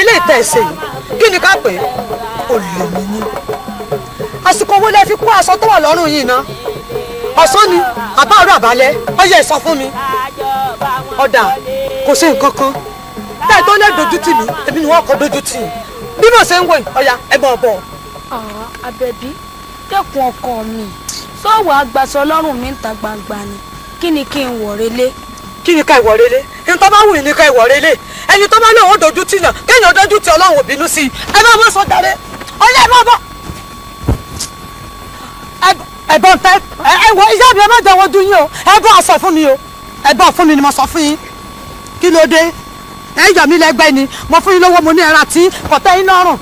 eléyìí tẹ̀ ṣe yìí kí ni ká pè é olè mi ní àsìkò owó lẹ fi kó aṣọ tó wà lọ́rùn yìí ná ọ̀sán ni àbáàrọ̀ àbálẹ́ ọyẹ sọ fún mi ọ̀dà kò ṣe nǹkan kan bẹ́ẹ̀ tó lè dojú tì mí èmi ni wọ́n kọ́ dojú tì bí mo ṣe ń wò ọ̀yà ẹ bọ̀ bọ̀. àbẹ̀bí dẹ́kun ọkọ mi sọ́wọ́ agbaṣọ ọlọ́run mi ń ta gbangba ni kí ni kí n wọ̀ relé. kí ni ká ìwọ̀ relé ẹni tó bá wù ní ká ìwọ̀ relé ẹni tó bá náà ó dojú tì náà kéèyàn dojú tì ọlọ́run ò bínú sí i ẹ bá wọn sọ dáre ọlẹ́ bá bọ́. ẹ̀bọ̀n tẹ ẹ wọ ìyá mi ẹ má jẹ́ wojú yín o ẹ bọ́ sọ fún mi o ẹ bọ́ fún mi ni mo sọ fún yín kí ló dé ẹ yà mí lẹ́gbẹ́ ni mo fún yín lówó mo ní ẹran tí kọ̀tẹ́ yín lọ́rùn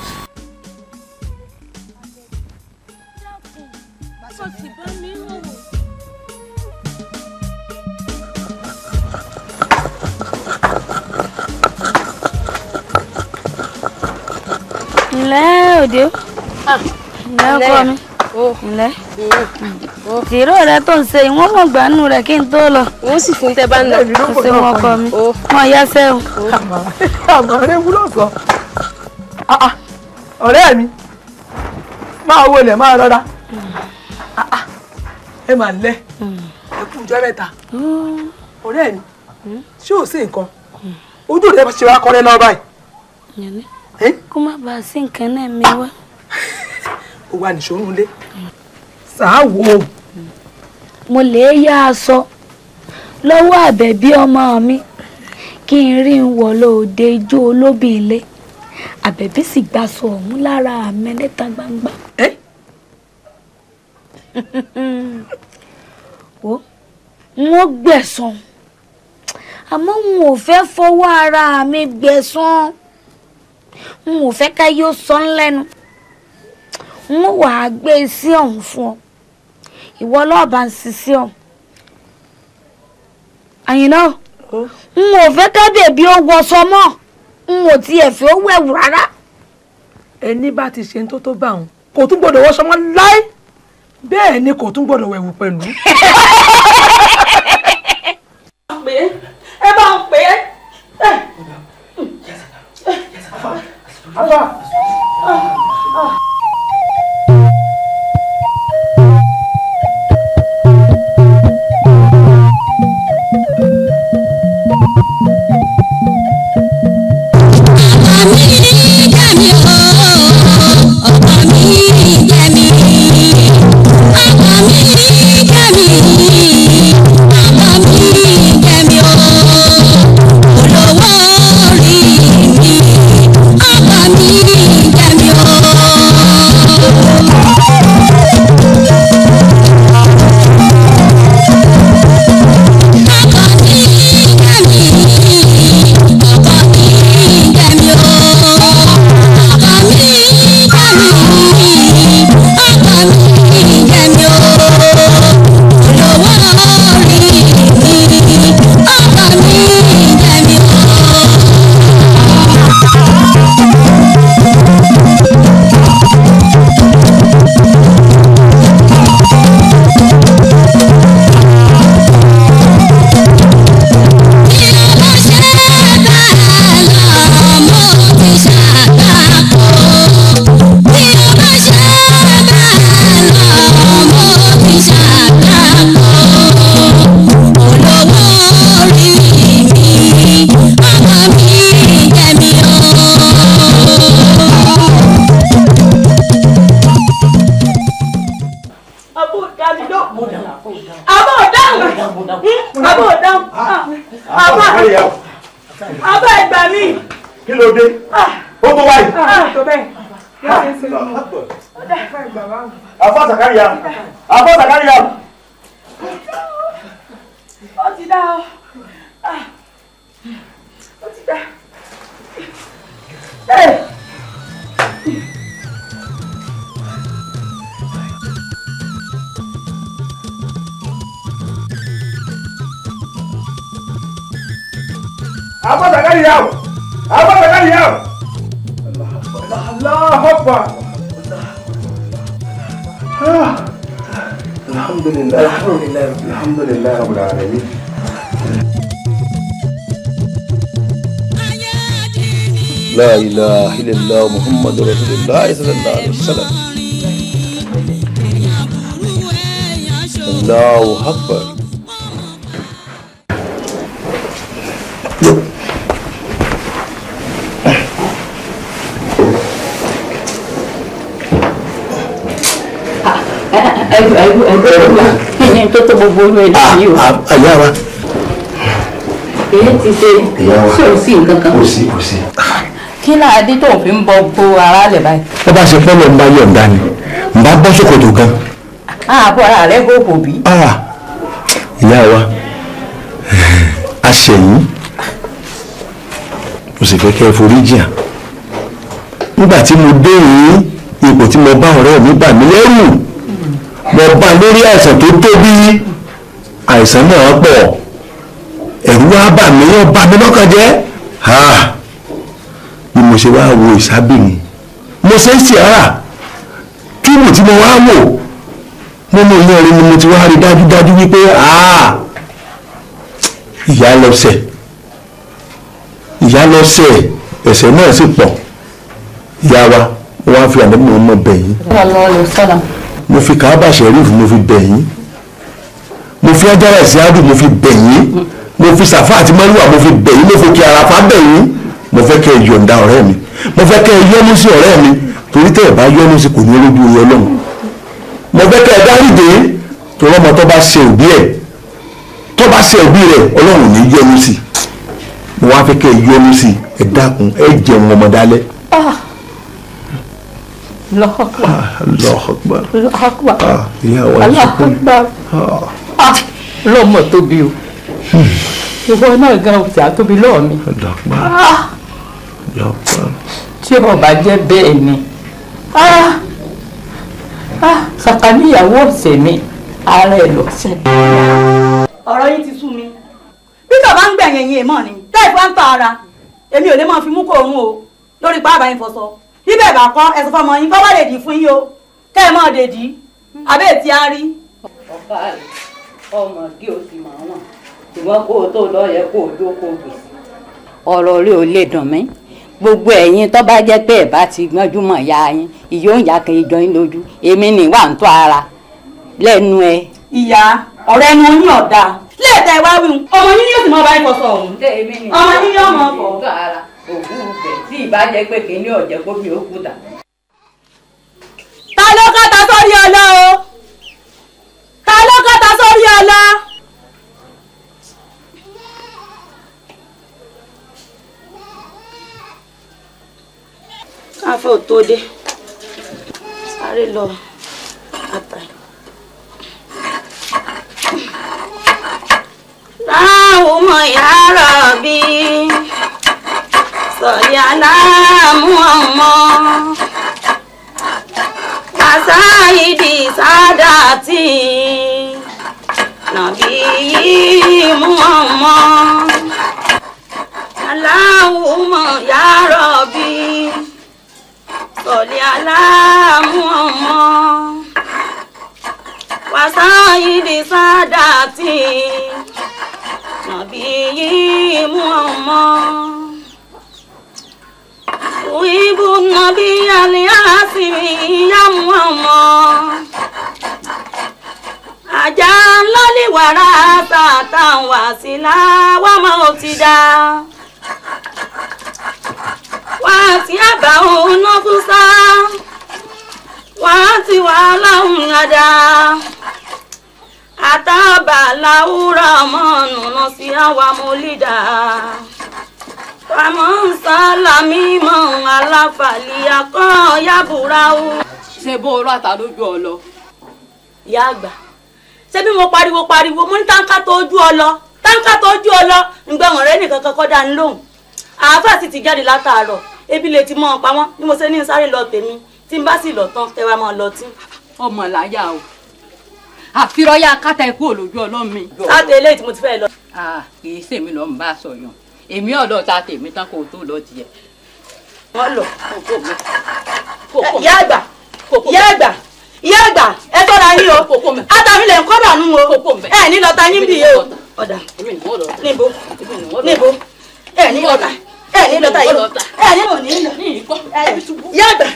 ǹlẹ́ òde ah, ǹlẹ́ ọkọ mi oh. ǹlẹ́ mm-hmm. mm. oh. tìró rẹ tó ń ṣe ìwọ́n mọ̀ gbanú rẹ kí n tó lọ. wọ́n sì fún tẹ́ bá ń lọ. ṣé wọn kọ mi oh. wọn yá sẹ́wọ̀n. àmọ́ rẹ wúlò sọ ah, ah, ọ̀rẹ́ mi máa wọlé máa rọra ẹ máa lẹ mm. ẹ kú ìjọ mẹ́ta mm. ọ̀rẹ́ mi ṣé ò sí nǹkan ojú rẹ ṣe wá kọ́rẹ́ náà báyìí. yẹnni kó má bàa sí nǹkan náà mi wá. ó wà nìṣòro lé ṣáàwó. mo lè yá aṣọ lọ́wọ́ àbẹ̀bí ọmọ mi kí n rí n wọ̀ lóde ijó olóbì ilé àbẹ̀bí sì gbaṣọ ọ̀hún lára àmẹ́ níta gbangba. wo n ó gbẹ̀san àmọ́ n ò fẹ́ fọwọ́ ara mi gbẹ̀san n ò fẹ́ ká yóò sọ ń lẹ́nu n ó wàá gbé sí ọ̀hún fún ọ ìwọ ọlọ́ọ̀bà ń sisi ọ̀hún àyìnà n ò fẹ́ ká bèbí ó wọṣọ mọ́ n ò tiẹ̀ fẹ́ ó wẹ̀wù rárá. ẹni bá ti ṣe ń tó tó bá òun kò tún gbọdọ̀ wọṣọ mọ́ láé bẹ́ẹ̀ ni kò tún gbọdọ̀ wẹ̀wù pẹ̀lú. ẹ bá ń pè é. Afa. Afa. Ah, ah. fuck. ẹni tó tó gbogbo olú ẹni yìí o. àyà wa. èyí ti ṣe ṣé o sí nǹkan kan. kò sí kò sí. kí náà adé tó fi ń bọ bo ara rẹ báyìí. wọ́n bá ṣe fọ́lọ́ ń bá yọ̀ǹda ni bá bọ́ sókòtò gan. àbọ̀ ara rẹ̀ bí ìyá wa aṣẹ̀yìn mo sì fẹ́ kẹ́ ẹ forí jìn à nígbà tí mo dé yìí ipò tí mo bá ọ̀rẹ́ mi bà mí lẹ́rù mo bá lórí àìsàn tó tóbi àìsàn náà pọ̀ ẹ̀rù wa bà mí yóò bà mí lọ́kàn jẹ́ bí mo ṣe wá wo ìsábìrin mo ṣe ń ṣe ara túbù tí mo wá wò nínú ilé ọ̀rẹ́ ni mo ti wá rí dájúdájú wípé ìyá lọ́sẹ̀ ìyá lọ́sẹ̀ ẹ̀sẹ̀ náà sì pọ̀ ìyá wa wọ́n á fi àdébò ọmọ bẹ̀ yín. mo fi kàábà sẹ́ríf mo fi bẹ̀ yín mo fi ajára ẹ̀sìn ádùn mo fi bẹ̀ yín mo fi sàfà àti mẹ́rùwà mo fi bẹ̀ yín mo fi kí arafa bẹ̀ yín mo fẹ́ kẹ́ ẹ yọ̀ǹda ọ̀rẹ́ mi mo fẹ́ kẹ́ ẹ yọ́nú sí ọ̀rẹ́ mi torí tẹ́ ẹ bá yọ́nú sí kò ní olójú ọlọ́run mo fẹ́ kẹ́ ẹ dáríde torí ọmọ tó bá ṣe òbí ẹ̀ tó bá ṣe òbí rẹ̀ ọlọ́run ní yọ́nú sí mo wá fẹ́ kẹ́ ẹ yọ́nú sí ẹ dákun ẹ jẹun ọmọ dálẹ́. Ah! Ah, Allahu Akbar. Allahu Akbar. Ah, Allahu Akbar. Allahu Akbar. lọ́mọ tóbi o ìwọ náà gan ọ̀sẹ̀ àtóbi lọ́ọ̀ mi. tí ọba jẹ́ bẹ́ẹ̀ ni kàkà níyàwó ọ̀sẹ̀ mi ara ẹ̀ lọ́sẹ̀. ọ̀rọ̀ yín ti sú mi bí bàbá ń gbẹ̀yìn ẹ̀yìn èèmọ̀ ni táìpù ń ta ara èmi ò lè máa fi mú kó òun o lórí pàápàá yín fọṣọ ibẹ̀ bá kọ́ ẹ̀sùn fọmọ yín fọwọ́ lè dì fún yín o kẹ́ ẹ̀ mọ́ dèdí abẹ́ ti á rí. ọba rẹ ọmọ kí o sì máa wọn ṣùgbọ́n kó o tó lọ yẹ kó o dó ọ̀rọ̀ rẹ ò lè dùn mí gbogbo ẹ̀yin tó bá jẹ́ pé ẹ̀ bá ti gbọ́njú mọ̀ ya yín ìyóò ń yà kan ìjọ yín lójú èmi ni wà ń tọ́ ara lẹ́nu ẹ. ìyá ọ̀rẹ́ ẹnu oní ọ̀dà lẹ́ẹ̀ta ìwá wíwù ọmọ yín ni yóò sì mọ bá ikọ̀ sọ ọ̀hún ọmọ yín yóò mọ ọkọ̀. òkú rúfẹ̀ tí pé kí ní ọ̀jẹ̀ kó fi òkúta. ta ló kọ́ta sórí ọlọ́run. afẹ́ ò tó dé sáré lọ ata ẹ̀. láwùmọ̀ yàrá bí sọ̀yà láàmú ọmọ kàsáìdì sádàtì nàbí yìí mú ọmọ. Allahumma ya Rabbi sọ̀lì aláàmú ọmọ wàsá ìdí sádà tí nàbí yìí mú ọmọ wíbú nàbí àlẹ́ àsìrí yá mú ọmọ àjà lọ́líwàrà tàtàwà sí láwàmọ́ òtí dá àti àbá òun náà fún sá wàá ti wàhálà òun àdá àtàbà làwúrà mọ́ọ̀nù náà sí àwa mọ́lídà pàmò ń sá làmímọ̀ aláfàlì akọ́ yàbùrà o. ṣé bó ọ̀rọ̀ àtàlójú ọ lọ. ìyá àgbà ṣé bí mo pariwo pariwo mo ní táǹkà tó ojú ọ lọ táǹkà tó ọ lọ ǹgbẹ́ wọn nìkan kan dá ní lóhùn àáfà sì ti jáde látàárọ̀ ebi lè ti mọ ọ pa wọ́n ni mo ṣe ní sáré lọ tèmi tí n bá sì lọ tán tẹ máa lọ tí. ọmọ làyà o àfirọ́yà kátà ikú òlójú ọlọ́run mi. sáté eléyìí tí mo ti fẹ́ lọ. kì í ṣèmi lọ ń bá a sọ yàn èmi ọ̀dọ́ ta tèmi tán kó o tó lọ tiẹ̀. wọ́n lọ kókó mi. ìyá àgbà ìyá àgbà ìyá àgbà ẹ tọ́ra yín o átàmì lè ń kọ́ bàánú o ẹ ní lọ́ta yín bì yé o. ọ̀dà níbo níbo ẹ ní ọ̀dà ẹ ní lọta yìí ẹ ní lọ ní lọ yá àgbà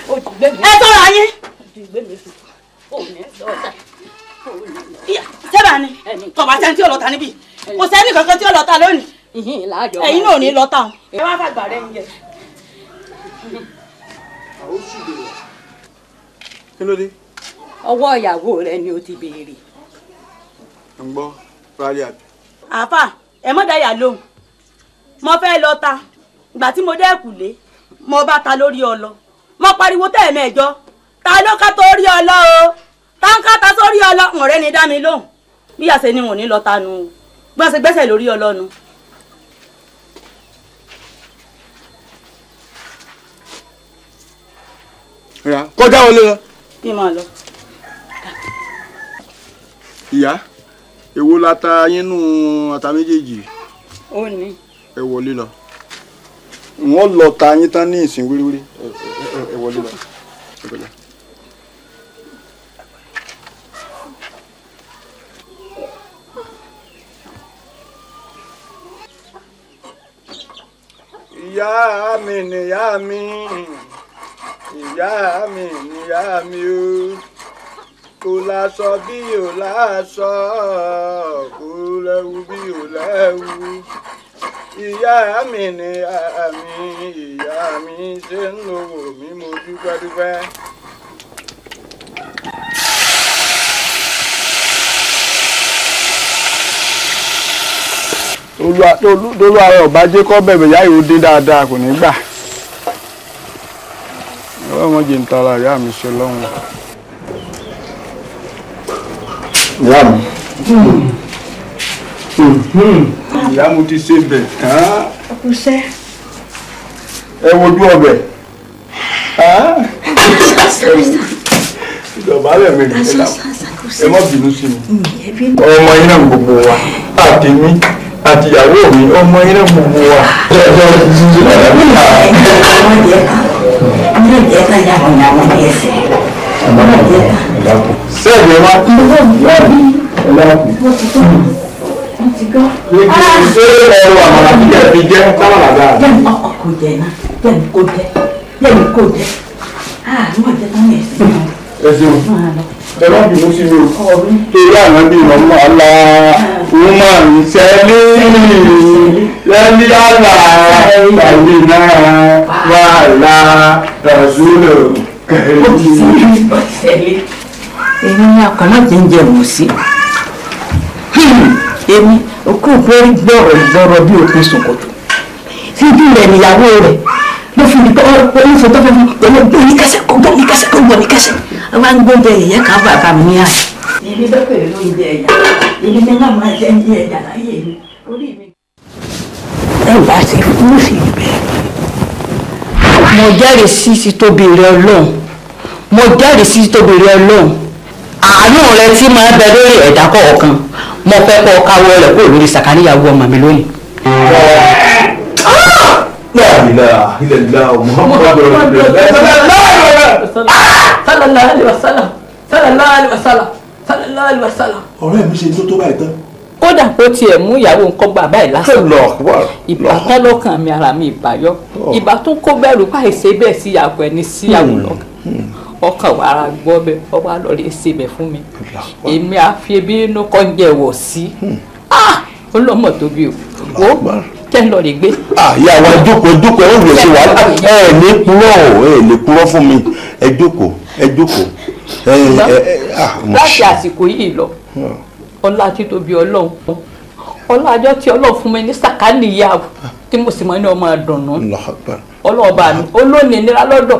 ẹ tọrọ ayé sẹ́bà ni tọ̀bà sẹ́ni tí ò lọ́ta níbí kò sẹ́ni kankan tí ò lọ́ta lónìí ẹ̀yin náà ò ní lọ́ta o. ẹ wá fàgbà rẹ ń yẹ. kí ló dé. ọwọ́ ìyàwó rẹ ni o ti béèrè. ń gbọ́ rálẹ̀ àbí. àáfà ẹ mọ̀ dáyà lóhùn mo fẹ́ lọ́ta ìgbà tí mo dẹ́kun lé mo bá ta lórí ọlọ mo pariwo tẹ́ẹ̀mẹ́jọ ta ló ká tó ọlọ o ta ń káta sórí ọlọ ọ̀rẹ́ ni dá mi lóhùn bí àṣẹ ni wọn ò ní lọ tanu o gbọ́nsẹ̀ gbẹ́sẹ̀ lórí ọlọ́nu. kọjá wọlé lọ. kí n máa lọ. ìyá èwo la ta yín nù ata méjèèjì. ó ní. ẹ wọlé lọ wọ́n lọ ta yín tán ní ìsìn wíríwírí ẹ wọlé lọ. ìyá mi nìyá mi ìyá mi nìyá mi o kò láṣọ bí ò láṣọ kò lẹ́wu bí ò lẹ́wu ìyá mi ni àmì ìyá mi ṣe ń lo wò mí mo dúpẹ́ dúpẹ́. lólu ara ọba jẹ́ kọ́ bẹ̀bẹ̀ yá ìwò dín dáadáa kò ní gbà ọlọ́run jẹ́ ń tara ìyá mi ṣe lọ́hùn. ìyá mi. Hmm ìyá mo ti ṣe bẹ̀ tán. kò sẹ́. ẹ wojú ọbẹ̀ ìdọ̀bálẹ̀ mi rè é la ẹ má bínú sí mi ọmọ iná gbogbo wa àti mi àtìyàwó mi ọmọ iná gbogbo wa. sẹ́ẹ̀dì ẹ má ṣé ẹrù àmàlà jíjẹ fi jẹ kámàlà dáa. bẹ́ẹ̀ni ọkọ kò jẹ náà bẹ́ẹ̀ni kò jẹ bẹ́ẹ̀ni kò jẹ àmọ́ ìjẹ tán yẹ sí ọ. ẹ ṣeun ẹ má bínú sí mi o torí àná bí màmá la wúmà mi sẹ́lẹ̀ lẹ́lí àlà tàbí náà wà lá ràzúlò kẹ́lí. ó ti sẹ́lẹ̀ èmi ni ọkàn náà ti ń jẹ òun sí èmi òkú ìpẹ́rí gbọ́rọ̀ ìgbọ́rọ̀ bí òpin sòkòtò fídí rẹ̀ níyàwó rẹ̀ ló fi nípa onífò tó fún pẹ̀lú gbóni kẹsẹ̀ kó gbóni kẹsẹ̀ kó gbóni kẹsẹ̀ wọ́n bá ń gbó bẹ ẹ̀yẹ ká bàbá mi ní àyè. èmi bẹ́ẹ̀ pèrè ló ń jẹ ẹ̀yà èmi ní ká máa jẹ ẹ̀yà ẹ̀yà láyé mi orí mi. ẹ wá sí fún sí bẹ́ẹ̀. mo jẹ́rìí sí ti tóbi rẹ ọlọ́run mo jẹ́rìí sí ti tóbi rẹ ọlọ́run àánú rẹ tí máa bẹ lórí ẹ̀dá kọ̀ọ̀kan mo fẹ́ kọ́ káwọ́ rẹ̀ kúrò lórí sàkáníyàwó ọmọ mi lónìí. ọ̀rẹ́ mi ṣe tó tó báyìí tán. kódà kó tiẹ̀ mú ìyàwó nǹkan gbà báyìí lásán ìbá tẹ́lọ́kàn mi ara mi ìbáyọ́ oh. ìbá tó kó bẹ̀rù páìsẹ́ bẹ́ẹ̀ síyàwó ẹni síyàwó hmm. lọ́kàn. Hmm ọkàn wàrà gbọ́ bẹ ọwọ́ àlọ́ lè ṣe bẹ̀ fún mi èmi àfi ebi inú kọ́ńjẹ wọ̀ sí ọlọ́mọ hmm. ah! tóbi o tẹ́lọ̀ lè gbé. àyà ah, wa jókòó jókòó ẹ wò sí wàhálà ẹ lè purọ́ ẹ lè purọ́ fún mi ẹ jókòó ẹ ah láti àsìkò yìí lọ hmm. ọlá títóbi ọlọ́run ọlá àjọ tí ọlọ́run fún mi ní sàkánì ìyá tí mo sì mọ ní ọmọ àdùnnú ọlọ́ọ̀bà mi ó lónìí nira lọ́dọ̀.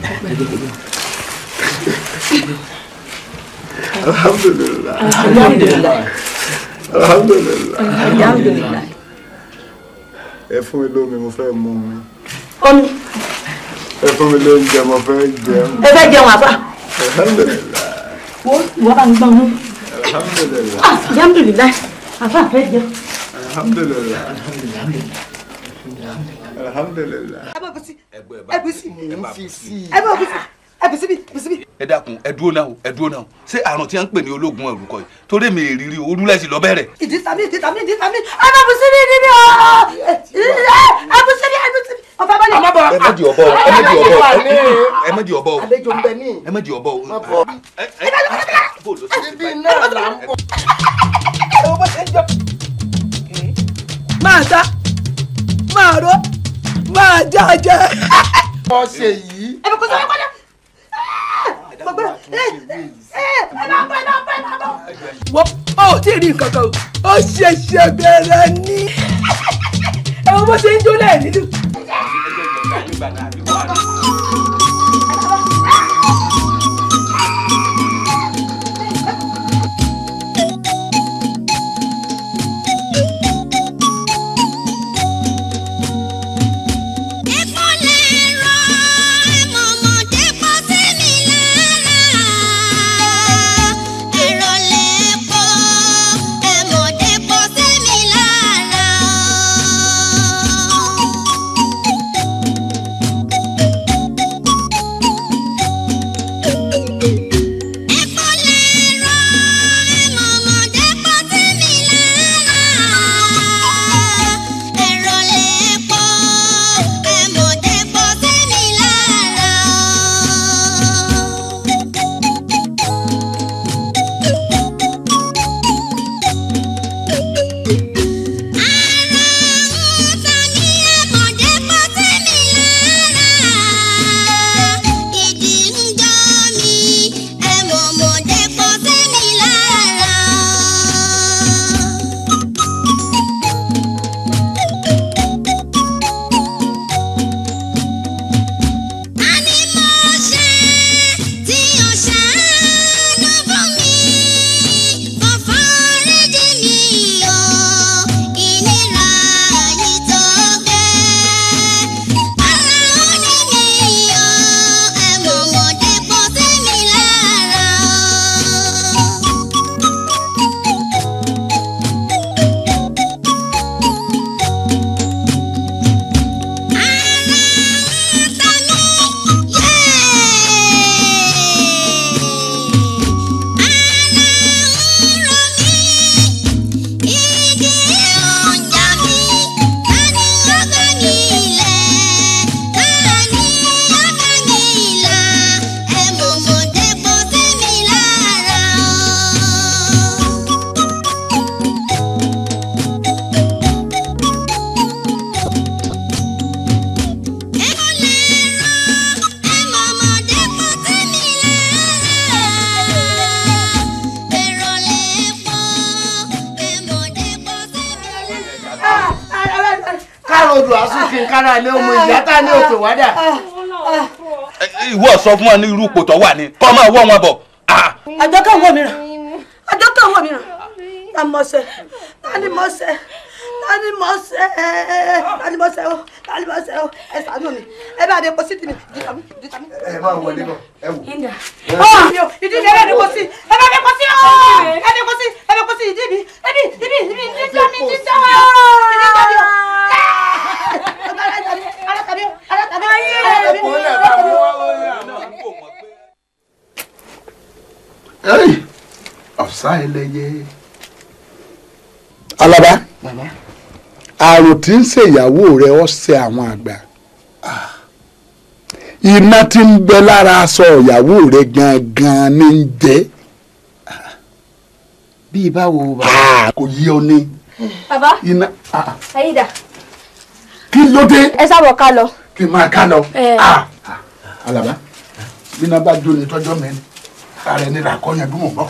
alhamdulillah alhamdulillah alhamdulillah alhamdulillah ẹ fún mi lómi mo fẹ́ mú mi. omi. ẹ fún mi lóúnjẹ mo fẹ́ jẹun. ẹ fẹ́ jẹun àbá. alhamdulillah. wo ìwọ ń gbọ́n mú. alhamdulillah. Ah, alhamdulillah àbá fẹ́ jẹun. alhamdulillah. alhamdulillah alhamdulilayi. ẹ bá bisi ẹ bisi ẹ bá bisi ẹ bisi bi bisi bi. ẹ dákun ẹ dúró náà o ẹ dúró náà ṣé àrùn tí wọn ń pè ní ológun orúkọ yìí torí mi ìrírí olúlẹsì lọ bẹ̀rẹ̀. ìdí tàmí ìdí tàmí ìdí tàmí ẹ bá bisi ìdí mi ooo ẹ bisi bi ẹ bisi bi ọba bá lè. ẹ má di ọbọ ẹ má di ọbọ ẹ má di ọbọ àlejò ń bẹ ní. ẹ má di ọbọ o. ẹ bá lọ bọ́ lọ sí ibi náà là ń bọ̀. máa ta máa rọ máa já jẹ. ọ ṣe yìí. ẹ bẹ kó sọ wọlé. wọ́n ò tí ì rí nǹkan kan ó ṣẹ̀ṣẹ̀ bẹ̀rẹ̀ ní. ẹ̀wọ̀n bó ṣe ń jó lẹ́yìn nínú. sọ fún wọn ní irú ipò tó wà ní kọ́ máa wọ́ wọn bọ̀. àjọ kan wọ mìíràn àjọ kan wọ mìíràn ta ni mọ̀ọ́sẹ̀ ta ni mọ̀ọ́sẹ̀ ta ni mọ̀ọ́sẹ̀ ta ni mọ̀ọ́sẹ̀ o ta ni mọ̀ọ́sẹ̀ o ẹ ṣàánú mi ẹ bá dé pọ̀ sí ti mi jìkà mi jìkà mi. ẹ máa wọlé bọ̀. àrùn tí ń ṣèyàwó rẹ̀ ó ṣe àwọn àgbà iná tí ń bẹ lára aṣọ ìyàwó rẹ̀ gangan ní ń jẹ. bí báwo bàbá. Ah, kò yí ọ ní. bàbá iná. Ah. ayídà. kí ló dé. ẹ sábọ̀ ká lọ. kí n máa ká lọ. Ah. alaba bí iná bá jó ni tọ́jọ́ mi ni ààrẹ ni làkọ́yàn bí mo bọ̀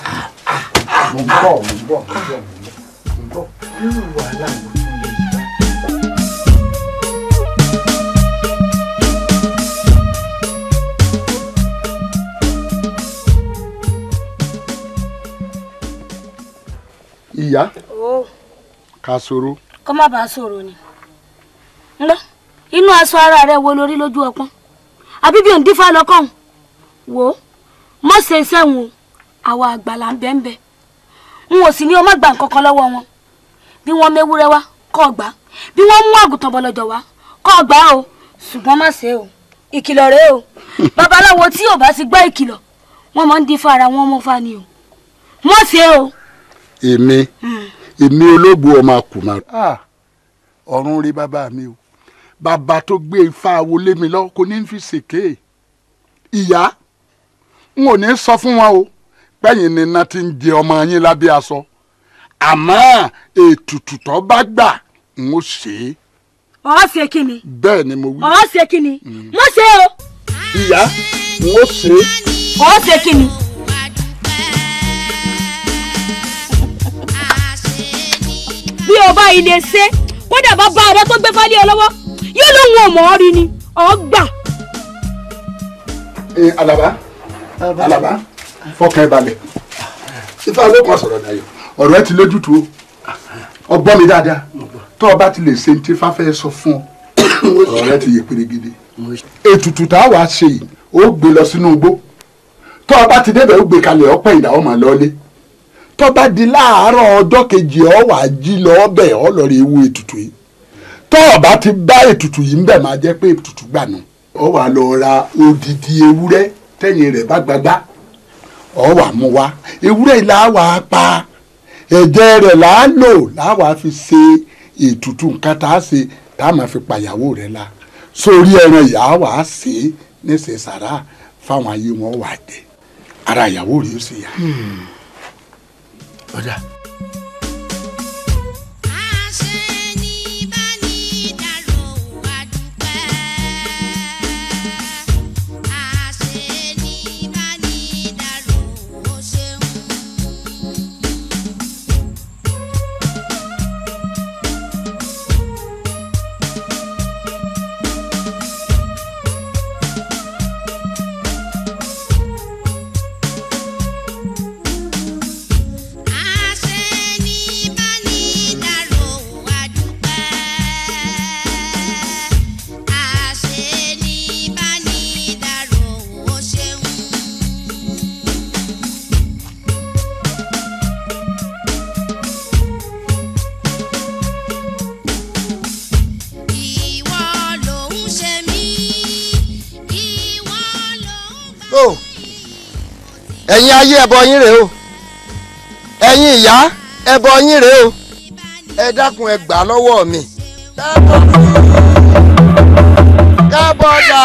mo ń bọ̀ mo ń bọ̀ mo ń bọ̀ mo ń bọ̀. ìyá oh. ká sọ̀rọ̀. kó má bàa sọ̀rọ̀ ni ńlọ inú aṣọ ara rẹ wo lórí lójú ọpọ́n àbí bí òǹdífà lọ́kàn wò ó mọ̀ ṣe sẹ́wọ̀n àwọn àgbàlá ń bẹ́ẹ̀ bẹ́ẹ̀ n ò sì ní o má gba lọ́wọ́ wọn bí wọ́n mewúrẹ́ wá kó gbà bí wọ́n mú àgùntàn bọ̀lọ̀jọ̀ wá kó gbà o ṣùgbọ́n má ṣe o ìkìlọ̀ rèé o babaláwo tí ò bá ti gbọ́ ìkìlọ̀ wọ́n máa ń dín ara wọn mọ́ fani o má ṣe o èmi hmm. èmi olóògbé ọmọ àkùmá. Ah, ọ̀run rí bàbá mi o bàbá tó gbé ifá wọlé mi lọ kò ní fi ṣèké ìyá n ò ní sọ fún wọn o pẹ́yìn ni iná ti ń jẹ ọmọ yín lábẹ́ aṣọ àmọ́ ètùtù tó bá gbà n ṣe é. ọ̀ ṣe kí bẹ́ẹ̀ ni mo wí. ọ̀ ṣe kí ni. Hmm. mo ṣe o. ìyá n ó ṣe é. ọ̀ ṣe kí ọba ilé ṣe kódà bàbá rẹ tó gbé fálẹ́ ọlọ́wọ́ yóò lóun ò rí ni ọgbà. alaba alaba fọkàn ẹ balẹ̀ ifá ló kàn sọ̀rọ̀ dayọ̀ ọ̀rọ̀ ẹ ti lójútu o ọgbọ́n mi dáadáa tó o bá ti lè ṣe ti fáfẹ́ sọ fún ọ ọ̀rọ̀ rẹ ti yẹ pérégede ètùtù tá a wàá ṣe yìí ó gbé lọ sínú igbó tó o bá ti débẹ̀ ó gbé kalẹ̀ ọ̀pẹ̀ ìdáwọ́ màá lọ́ọ́lé tó bá di láàárọ̀ ọjọ́ kejì ọ wà jí lọ ọbẹ̀ ọ lọ rí ewu ètùtù yìí tó o bá ti bá ètùtù yìí ń bẹ̀ máa jẹ́ pé ètùtù gbà nù. ọ wà lọ ra odidi ewúrẹ́ tẹ́yìn rẹ̀ bá gbagbá ọ wà mú wa ewúrẹ́ yìí làá wà á pa ẹ̀jẹ̀ rẹ̀ làá lò làá wà á fi ṣe ètùtù nǹkan tá a ṣe tá a máa fi pàyàwó rẹ̀ la sórí ẹran ìyá wà á ṣe é ní ṣe sàrà fáwọn ayé wọn wà á dé ara ìyàwó rẹ̀ ó sì yá. Hmm. 再见。ẹ̀yin ayé ẹbọ yín rèé o ẹ̀yin ìyá ẹbọ yín rèé o ẹ dákun ẹ gbà lọ́wọ́ mi. kábọ̀dà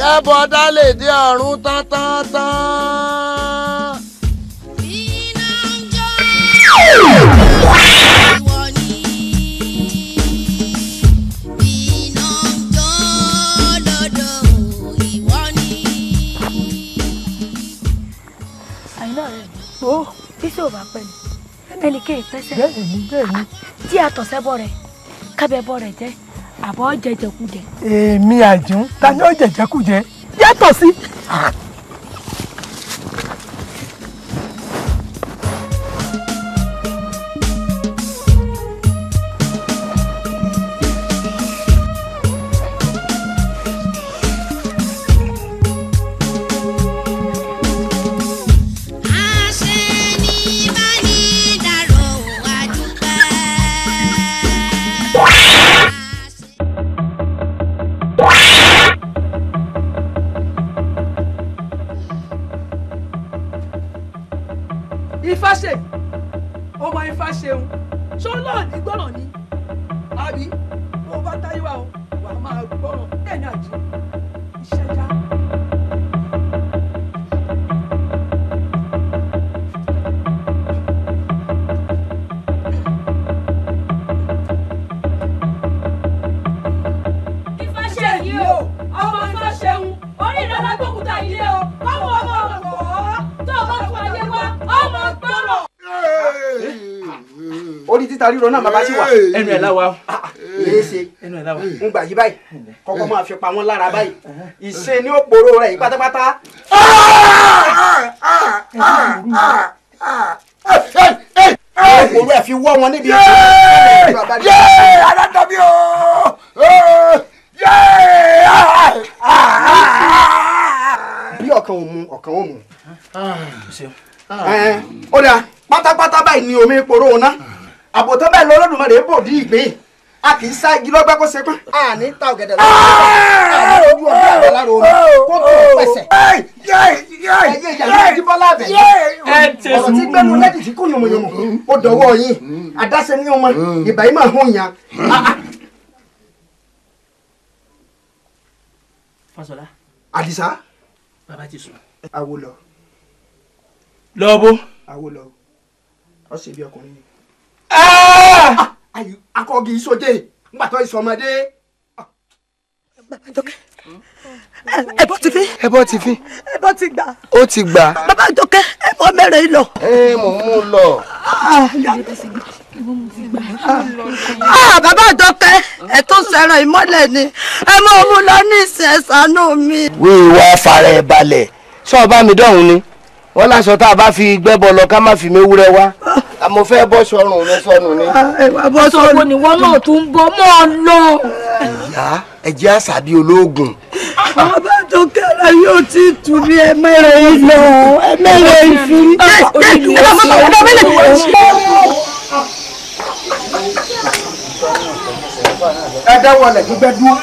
kábọ̀dà lè dé ọ̀run tán tán tán. tí ò bá pẹ́ ni ẹnì kéè pẹ́sẹ̀ tí a tọ̀sẹ́ bọ̀ rẹ̀ kábẹ́ bọ̀ rẹ̀ jẹ́ àbọ̀ jẹjẹkújẹ. èmi àjùn ta ni ó jẹjẹkújẹ yàtọ̀ sí. òkúta ríro náà bàbá sì wà ẹnu ẹ̀ láwa yéé ṣe ẹnu ẹ̀ láwa. ń gbà yí báyìí kọ́kọ́ máa fi pa wọ́n lára báyìí uh-huh. ìṣe ní òpòrò rẹ̀ yìí pátápátá. òpòrò ah! ah! ah! ẹ̀ fi wọ́ wọn níbi ìṣe. yéé adájọ́ mi o bí ọ̀kan ò mu ọ̀kan ò mu. ó dà pátápátá báyìí ni omi epo ọmọ rẹ̀ bò dí ìgbín a kì í sá igi lọ́gbà kó ṣe pọ́n. a ní ta ọ̀gẹ̀dẹ̀ lọ́wọ́ ojú ọ̀gá àgbà lára omi kó tó pẹ̀sẹ̀. ẹyẹ ìyàwó ti bọ́ lábẹ́ ọ̀rọ̀ tí gbẹ́nu lẹ́dí tí kò yànmọ̀yànmọ̀ ó dọ̀wọ́ yín àdáṣe ní ọmọ ìbà yìí máa hún yàn. Fasola. Àdìsá. bàbá ti sùn. àwo lọ. lọ bó. àwo lọ ọ sì bí ọkùnrin ni. Ah! akọ́gi sóde ngbàtọ́ ìsọmọdé. ẹbọ ti fi. ẹbọ ti fi. ẹbọ ti gbà. ó ti gbà. bàbá àjọkẹ́ ẹbọ mẹ́rẹ̀ ń lọ. ẹ mò ń mú un lọ. Ah, bàbá àjọkẹ́ ẹ tó sẹ̀rọ̀ ìmọ́lẹ̀ ni ẹ mọ̀ òun lọ ní ìsìn mi. wíwá fara ẹ̀ balẹ̀ ṣọ́ọ́ bá mi dọ̀hún ni wọ́n láṣọ tá a bá fi gbẹ́bọ lọ ká má fi méwúrẹ́ wá ah. àmọ́ fẹ́ bọ́ sọrùn mi sọnù ni. Ah, bọ́ sọrùn ni wọ́n náà tún bọ́ mọ́ ọ lọ. ìyá ẹ̀jẹ̀ àṣàbí olóògùn. Ah. bàbá tó kẹ́ra yóò ti tù mí ẹ mẹ́rẹ̀ ilẹ̀ ẹ mẹ́rẹ̀ ìfiri. ẹ dáwọlẹ̀ gbígbẹ́ dúró.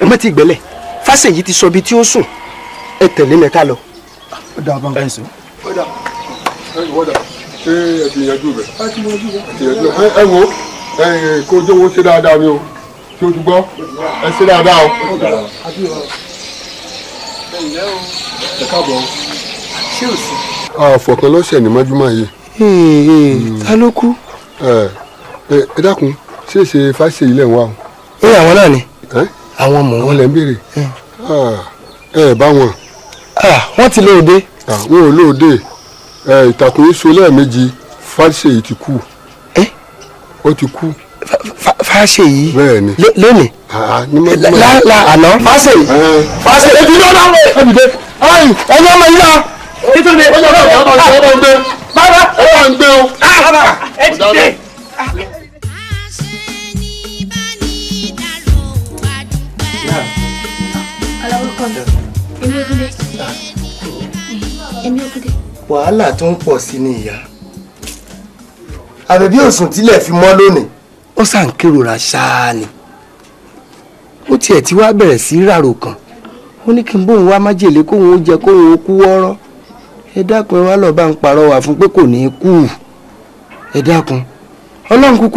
ẹ má ti gbẹ́lẹ̀ fásẹ̀yí ti sọ ibi tí ó sùn ẹ tẹ̀lé mẹ́ta lọ ó dà bá ń kọ́ ó dà ó dà ṣé ẹ ti yanjú rẹ̀ ẹ ti yanjú rẹ̀ ẹ wo kó jówó ṣe dáadáa ni o tí o ti gbọ́ ẹ ṣe dáadáa o. ẹ káàbọ̀ o. ṣé o sì. àfọ̀kàn lọ́sẹ̀ ní mọ́júmọ́ yìí. Hmm. ta ló kú. ẹ dákun ṣé ṣe fáṣe ilé wa o. ẹ àwọn náà ni àwọn mọ̀ wọ́n lẹ́ ń béèrè ẹ ah, bá wọn wọ́n ti lóde. àwọn ò lóde ìtàkùn yìí so lẹ́ẹ̀mejì fáṣeyì ti kú. ó ti kú. fáṣeyì lónìí la la, àná fáṣeyì fáṣeyì ètò ìdí ọ̀nà àwọn ẹ̀mí dé ẹ̀yìn ẹ̀yìn ọmọ yìí náà nítorí ọjọ́ náà ọjọ́ náà ọjọ́ náà bàbá ọwọ́ ń gbé o. bàbá ẹ ti dé. aláwọ̀ kan ilé ìdílé. ìyá. èmi ò wàhálà tó ń pọ̀ sí ni ìyá. àbẹ̀bí òsùn tílẹ̀ fi mọ́ lónìí ó sà kérora ṣáá ni ó tiẹ̀ ti wá bẹ̀rẹ̀ sí ràrò kan ó ní kí n bóun wá májèlé kóun ó jẹ kóun ó kú wọ́rọ́ ẹ dákun ẹ wá bá ń parọ́ wà fún pé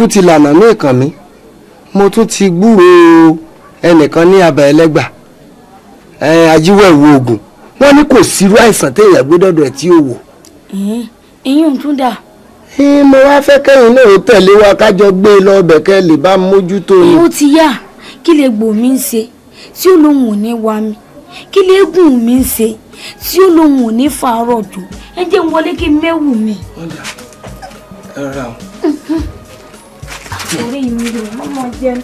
ti lànà ní ìkàn mo tún ti gbúròó ẹnìkan ní ẹlẹ́gbà ẹ oògùn wọ́n ní kò sírú àìsàn téèyàn gbé dọ̀dọ̀ ẹ̀ tí ò wò. ẹ̀yin ò tún dà. mo wá fẹ́ kẹ́yìn náà ó tẹ̀lé wa kájọ gbé e lọ ọbẹ̀ kẹ́ lè bá mójútó ni. ó ti yá kí lè gbò mí ń ṣe tí ó lóun ò ní wa mi kí lè gùn mí ń ṣe tí ó lóun ò ní fàárọ̀ dùn ẹ jẹ́ n wọlé kí mẹ́wù mi. ọ̀dà o. orí mi rè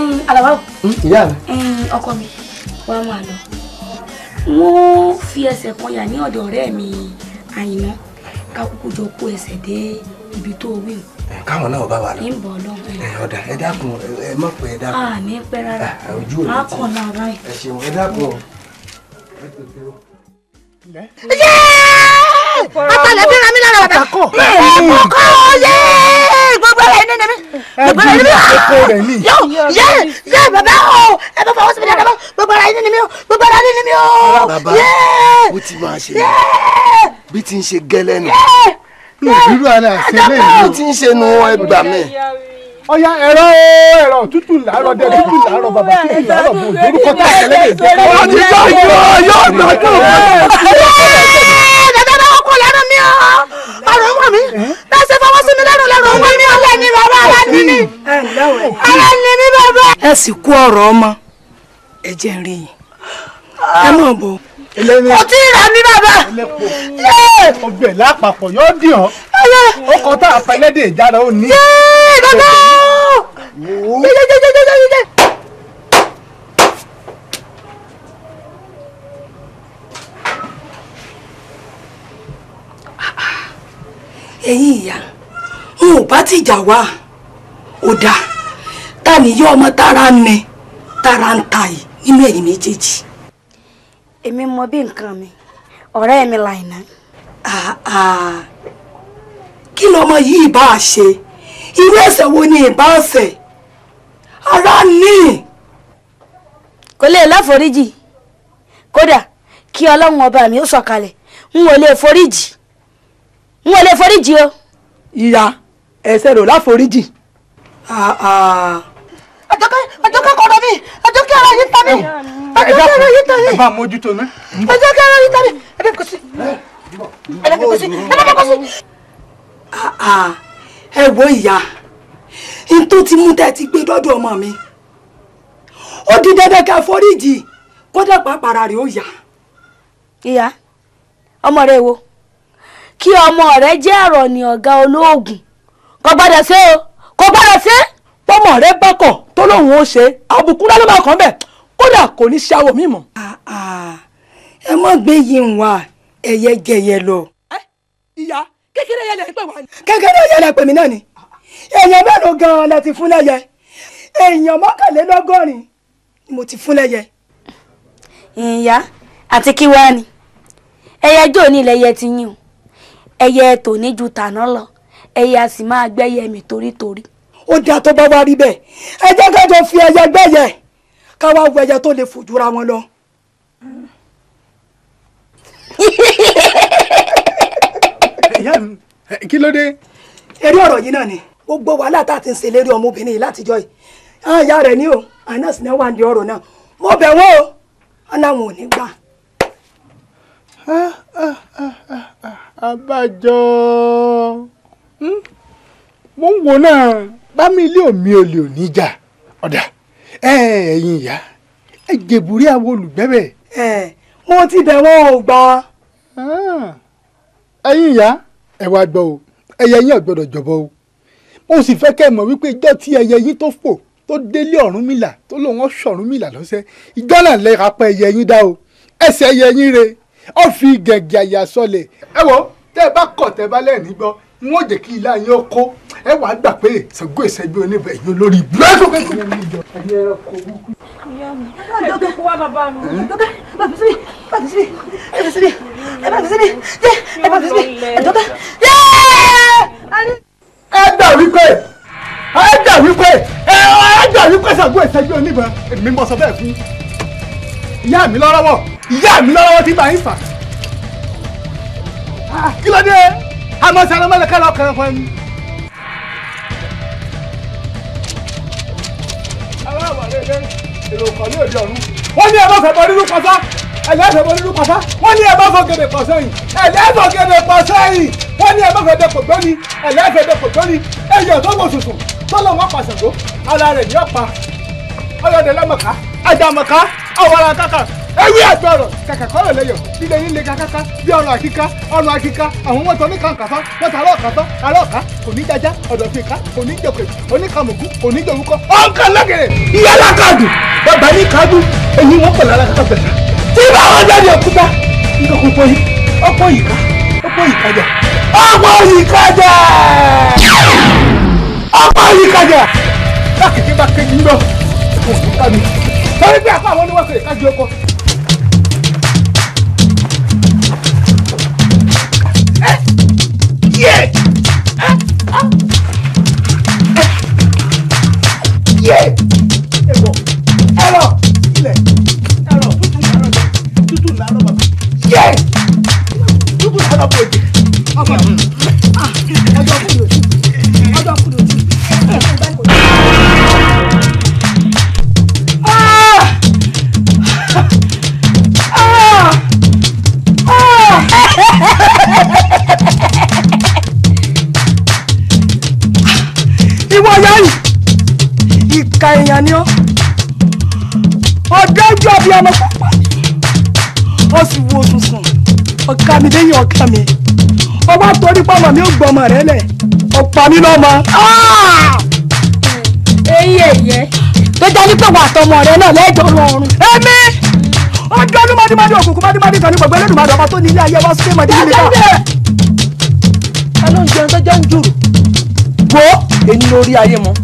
Mm, Àlàbá hmm, ìyá mi mm, ọkọ mi wà á máa lọ wọ́n fi ẹsẹ̀ kan yà ní ọ̀dọ̀ ọ̀rẹ́ mi Àyìnà ká jọ kó ẹsẹ̀ dé ibi tó wí káwọn náà bá wà lọ ń bọ̀ lọ. ọ̀dà ẹ dákun ẹ má pẹ́ ẹ dákun. a ní pẹ́ rárá ah, ah, ojú òní ti má lára ẹ. ẹ ṣeun ẹ dákun yéé atalẹ̀ bí ra mi lára bàbá ẹ̀ yéé gbẹrẹ ẹni ni mi gbẹrẹ ẹni mi yóò yẹ yẹ bàbá o ẹ bá fọwọ́sí mi dáadáa bá gbẹrẹ ẹni ni mi o gbẹrẹ ẹni ni o yẹ o ti máa ṣe bí ti ń ṣe gẹ́lẹ́ nù ìrírú ara àṣẹ lẹ́yìn bí ti ń ṣe nu ẹgbà mi. ọya ẹ̀rọ ẹ̀rọ tútù làárọ̀ dẹ tútù làárọ̀ bàbá tútù làárọ̀ bò lórúkọ tá a tẹ̀lé lè jẹ́ kọ́. wọ́n ti yọ yọ yọ gbàgbọ́. ẹ ẹ dàdá náà kò lẹ́nu mi o mi bẹ́ẹ̀ ṣe fọwọ́ sí mi lẹ́nu lẹ́nu ọmọ mi ọlẹ́ ni bàbá ara ni mi ara ni mi bàbá. ẹ sì kú ọ̀rọ̀ ọmọ ẹ jẹ́ rí yín ẹ mọ̀ bọ̀ kò tí ì rà mí bàbá. ọbẹ̀ lápapọ̀ yóò dì ọ́ ọkọ̀ tá a fẹ́ lédè ó ní. bàbá. ẹ̀yin ìyá n ò bá ti jà wá ò dáa ta nìyí ọmọ tára ń nẹ tára ń ta yìí nínú ẹ̀yin méjèèjì. èmi mọ bí nǹkan mi ọ̀rẹ́ mi làìná. kí lọmọ yìí bá a ṣe irú ẹ̀ṣẹ̀ wo ni ìbá ọ̀sẹ̀ ara ní. kò lè láforíjì kódà kí ọlọ́run ọba mi ó sọ̀kalẹ̀ n ò lè foríjì n ò lè foríjì o. ìyá ẹsẹ rò láforíjì. àjọkẹ́ àjọkẹ́ kọ́ tọ́mí àjọkẹ́ ara yín tọ́mí àjọkẹ́ ara yín tọ́mí. ẹ bá a mójútó ná. àjọkẹ́ ara yín tọ́mí ẹ bẹ́ẹ̀ kò sí ẹ bẹ́ẹ̀ kò sí ẹ bẹ́ẹ̀ kò sí. ẹ wo ìyá n tó ti mú tẹ́ ti gbé dọ́dọ̀ ọmọ mi ó di dandan ká foríjì kódà pàápàá rẹ̀ ó yá. ìyá ọmọ rẹ wo kí ọmọ rẹ jẹ́ àrọ̀ ní ọ̀gá olóògùn kò gbọ́dọ̀ ṣe o kò gbọ́dọ̀ ṣe. pọ́mọ rẹ bá kọ̀ tó lóun ó ṣe àbùkù lálẹ́ máa kàn bẹ́ẹ̀ kódà kò ní ṣe awo mi mọ́. ẹ mọ̀ gbé yìí ń wá ẹyẹ jẹyẹ lọ. ìyá kékeré yẹlẹ ń pè wá ni. kékeré yẹlẹ pè mí náà ni èèyàn mélòó gan-an la ti fún lẹ́yẹ èèyàn mọ́kànlélọ́gọ́rin ni mo ti fún lẹ́yẹ. ìyá àti kí wàá ni ẹyẹ jó ní ilẹ̀ yẹ ti yín o ẹyẹ tòní ju tàná lọ ẹyẹ a sì máa gbẹ́yẹ mi torítorí. ó dáa tó bá wá rí bẹ́ẹ̀ ẹ jẹ́ ká jọ fi ẹyẹ gbẹ́yẹ ká wá wo ẹyẹ tó lè fòjúra wọn lọ. ìyá mi kí ló dé. eré ọ̀rọ̀ yìí náà ni gbogbo wàhálà tá a ti ń ṣe lérí ọmọbìnrin yìí látijọ́ yìí ìyá rẹ̀ ní o àná sì náà wà ní ọ̀rọ̀ náà mo bẹ̀ wọ́n o ọ̀làwọn ò ní gbà abájọ hmm? mo ń wo náà bámi ilé omi olè òní jà ọ̀dà ẹ̀yin ìyá ẹ jèbùrí àwọn olùgbẹ́bẹ̀. ẹ wọn ti bẹ̀ wọ́n ò gbà. Ah, ẹ̀yin ìyá ẹ wá gbọ́ o ẹyẹ yín ò gbọ́dọ̀ o mo sì fẹ́ kẹ́ ẹ mọ̀ wípé ìjọ́ tí ẹyẹ yín tó fò tó délé Ọ̀rúnmìlà tó lòun ọ̀ṣọ̀rúnmìlà lọ́sẹ̀ ìjọ́ náà lẹ́ka pa ẹyẹ yín dá o ẹsẹ̀ ẹyẹ yín re ó fi gẹ̀gẹ̀ àyà sọlẹ̀. ẹ wo tẹ́ ẹ bá kọ̀ tẹ́ ẹ bá lẹ́ẹ̀ní gbọ́ n ó jẹ́ kí ilé ayé ó kó ẹ wàá gbà pé Ṣàngó ìṣẹ́jú oníbẹ̀ yín olórí ìbúrẹ́dù. ẹ gbà wípé ẹ gbà wípé ẹ gbà wípé Ṣàngó ìṣẹ́jú oníbẹ̀ èmi mọ̀ sọ bẹ́ẹ̀ fún ìyá mi lọ́rọ́wọ́ ìyá mi lọ́wọ́ tí bá yín fà. Ah, kí ló dé àmọ́ sanu mọ́lẹ̀ ká lọ́ọ́ kẹrẹ́kọ́ ẹni. wọ́n ní ẹ̀bá fẹ̀ bọ́ nínú kọ́sá ẹ̀lẹ́fẹ̀ bọ́ nínú kọ́sá wọ́n ní ẹ̀bá fọ gèdè pọ̀ sẹ́yìn ẹ̀lẹ́fọ̀ gèdè pọ̀ sẹ́yìn wọ́n ní ẹ̀bá fẹ̀ dẹ kò gbóni ẹ̀lẹ́fẹ̀ dẹ kò gbóni ẹ̀yọ̀ tó wò sùsùn tó lọ́wọ́ pàṣẹ tó ara rẹ̀ ní ọ̀pá ọlọ́dẹ lọ́mọ̀ká ajá mọ̀ká ọ̀wọ́ra kákà ewé ẹ̀tọ́ ọ̀rọ̀ kàkà kọ́rọ̀ lẹ́yọ̀ líle nílé kakaka bí ọ̀rọ̀ àkíká ọ̀rọ̀ àkíká àwọn wọn tọ́ ní kàǹkàfá wọn tà lọ́ọ̀ká tán alọ́ọ̀ká kò ní jaja ọ̀dọ̀ fi ká kò ní jẹ̀kẹ̀ kò ní kàmùkú kò ní jòwúkọ. ọ̀nkà lẹ́gẹ̀rẹ̀ ìyálà káàdù bàbá ní káàdù èyí wọn pẹ̀lú alákàtà pẹ̀lú. tí bá wọn jáde òkúta nǹkan kò pọ̀ yìí ọ̀pọ̀ yìí ká ọ̀pọ̀ yìí kájà ọ̀pọ̀ yìí kájà ọ̀pọ̀ yìí kájà. lákìtì bá kéjì mi. torí bí àpá àwọn oníwàsó ìkájọ ọkọ Yeah. Yeah. pàmò mi ò gbọmọ rẹ lẹ ọ̀pá mi lọ́mọ. Ah! eyín ẹ̀yẹ tó jẹ́ ní pẹ̀wọ́ àtọmọ rẹ náà lẹ́jọ́ rọrùn. èmi ọjọ́ ní mọ́dímọ́dí òkùnkùn mọ́dímọ́dí kan ní gbogbo ẹlẹ́dùnmọ́dé ọba tó ní ilé ayé wá sí mọ́dí nílé náà. ẹ ló ń jẹun tó jẹun jùrù. wo èyí lórí ayé mọ́.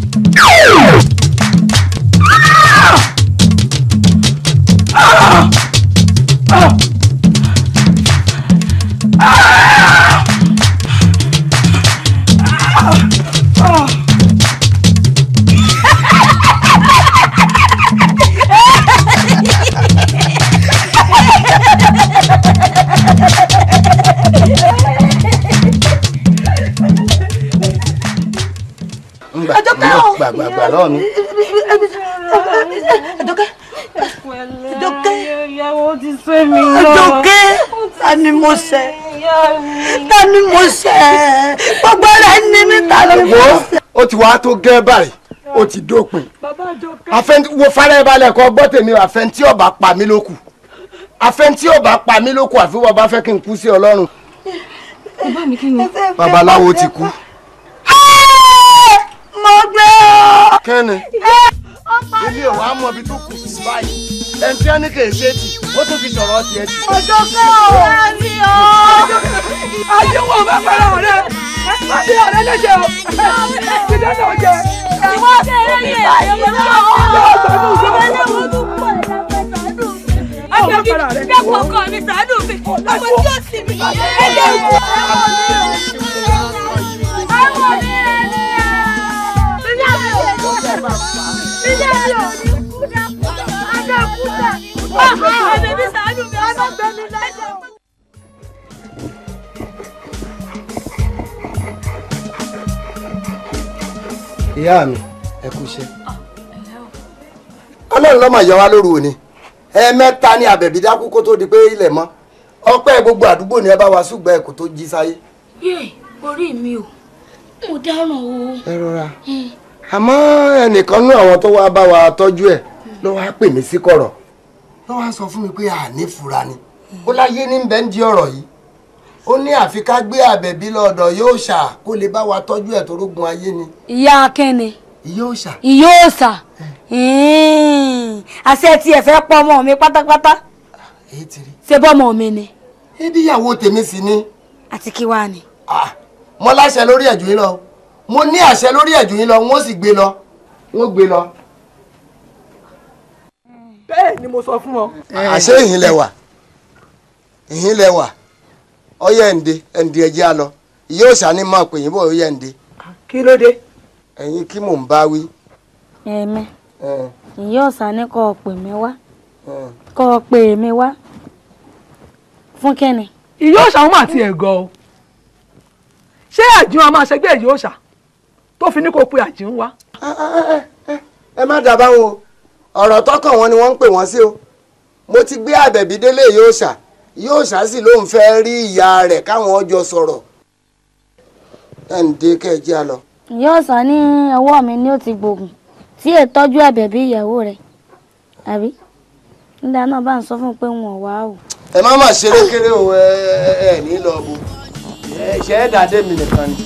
lọ́wọ́ mi. dọ́kẹ́ dọ́kẹ́ ìyàwó ti sẹ́ mi lọ. dọ́kẹ́ ta ni mo ṣẹ̀ ta ni mo ṣẹ̀ gbogbo rẹ̀ ni mi ta ni mo ṣẹ̀. ó ti wá tó gẹ́ báyìí ó ti dópin wo fara ẹ balẹ̀ kọ́ gbọ́ tèmi àfẹ́ntí ọ̀bà pa mí lókù àfẹ́ntí ọ̀bà pa mí lókù àfi wọ́n bá fẹ́ kí n kú sí ọlọ́run. babaláwo ti kú mo gbé o. kẹ́ni ilé ò wá mọ ibi tó kù sí báyìí ẹni tí wọ́n ní kì í ṣe tì ó tún fi sọ̀rọ̀ tiẹ̀ tì. òjò kọ́ ọ̀ ẹ́ mi ọ́. ayé wo bá fẹ́ràn rẹ̀ má bí ọ̀rẹ́ léṣe o ìdá náà jẹ. ìwọ kẹrẹ ni èyí ló ń bọ̀ ọ́. ọ̀rẹ́ mi ò dúpọ̀ ẹ̀dá pẹ̀lú. àjẹkí dẹ́kun ọkọ mi sàádùn mi ọmọ tí ó sì mí. ẹ̀jẹ̀ ìwọ. ìyá mi ẹ kú iṣẹ́ ọlọ́run lọ́mọ ìyá wa lóru òní ẹ̀ẹ̀mẹ́ta ni àbẹ̀bí dákú kó tó di pé ilẹ̀ mọ́ ọpẹ́ gbogbo àdúgbò ni ẹ bá wa ṣùgbọ́n ẹ kò tó jí sáyé. orí mi mo dáràn o. ẹ rọra. Hmm. àmọ́ ẹnìkan nú àwọn tó wáá bá wa tọ́jú ẹ̀ ló wáá pè mí sí kọ̀rọ̀ ló wáá sọ fún mi pé àní fura ni ó láyé ní bẹ́ẹ̀ ń di ọ̀rọ̀ yìí ó ní àfi ká gbé àbẹ̀bí lọ́dọ̀ yóò ṣà kó lè bá wa tọ́jú ẹ̀ torógun ayé ni. ìyá akẹ́ni ìyá òòṣà. ìyá òòṣà àṣẹ tí ẹ fẹ́ ọmọ mi pátápátá ṣe bọ́mọ mi ni. ibi ìyàwó tèmi sì ni. àti kí wàá ni. Ah, mo láṣẹ lórí ẹ̀jú yín lọ. mo ní àṣẹ lórí ẹ̀jù yín lọ wọ́n sì gbé lọ wọ́n gbé lọ. bẹ́ẹ̀ ni mo sọ fún ọ. àṣẹ ìhìn lẹwà ìhìn lẹwà ọyẹ ǹde ǹde ẹjẹ á lọ ìyá òòṣà máa pè yín bọ̀ ọyẹ ǹde. kí ló dé. ẹ̀yin kí mò ń bá wí. ẹ̀mí ìyá òòṣà ni kò pè mí wá kò pè mí wá fún kẹ́ni. ìyá òòṣà wọn àti ẹ̀gọ́ ẹ̀ ṣé àjùmọ̀ máa ṣẹgbẹ́ ìyá òòṣà. tó fi ní kó pe àjìn wá. ẹ má dábàá wọn o ọ̀rọ̀ tọkàn wọn ni wọ́n ń pè wọ́n sí o mo ti gbé àbẹ̀bí délé yóò ṣà yóò ṣà sì ló ń fẹ́ rí ìyá rẹ̀ káwọn ọjọ́ sọ̀rọ̀ ẹ̀ ń dé kẹ́ẹ̀jẹ́ lọ. ìyá ọ̀sán ní ọwọ́ mi ni ó ti gbógun tí ètọ́jú àbẹ̀bí ìyàwó rẹ̀ àbí nígbà náà bá ń sọ fún un pé wọn ò wá o. ẹ má má ṣeré kéré o ẹ ẹ ní lọ bo ẹ ṣe é dàdé mi nìkan ni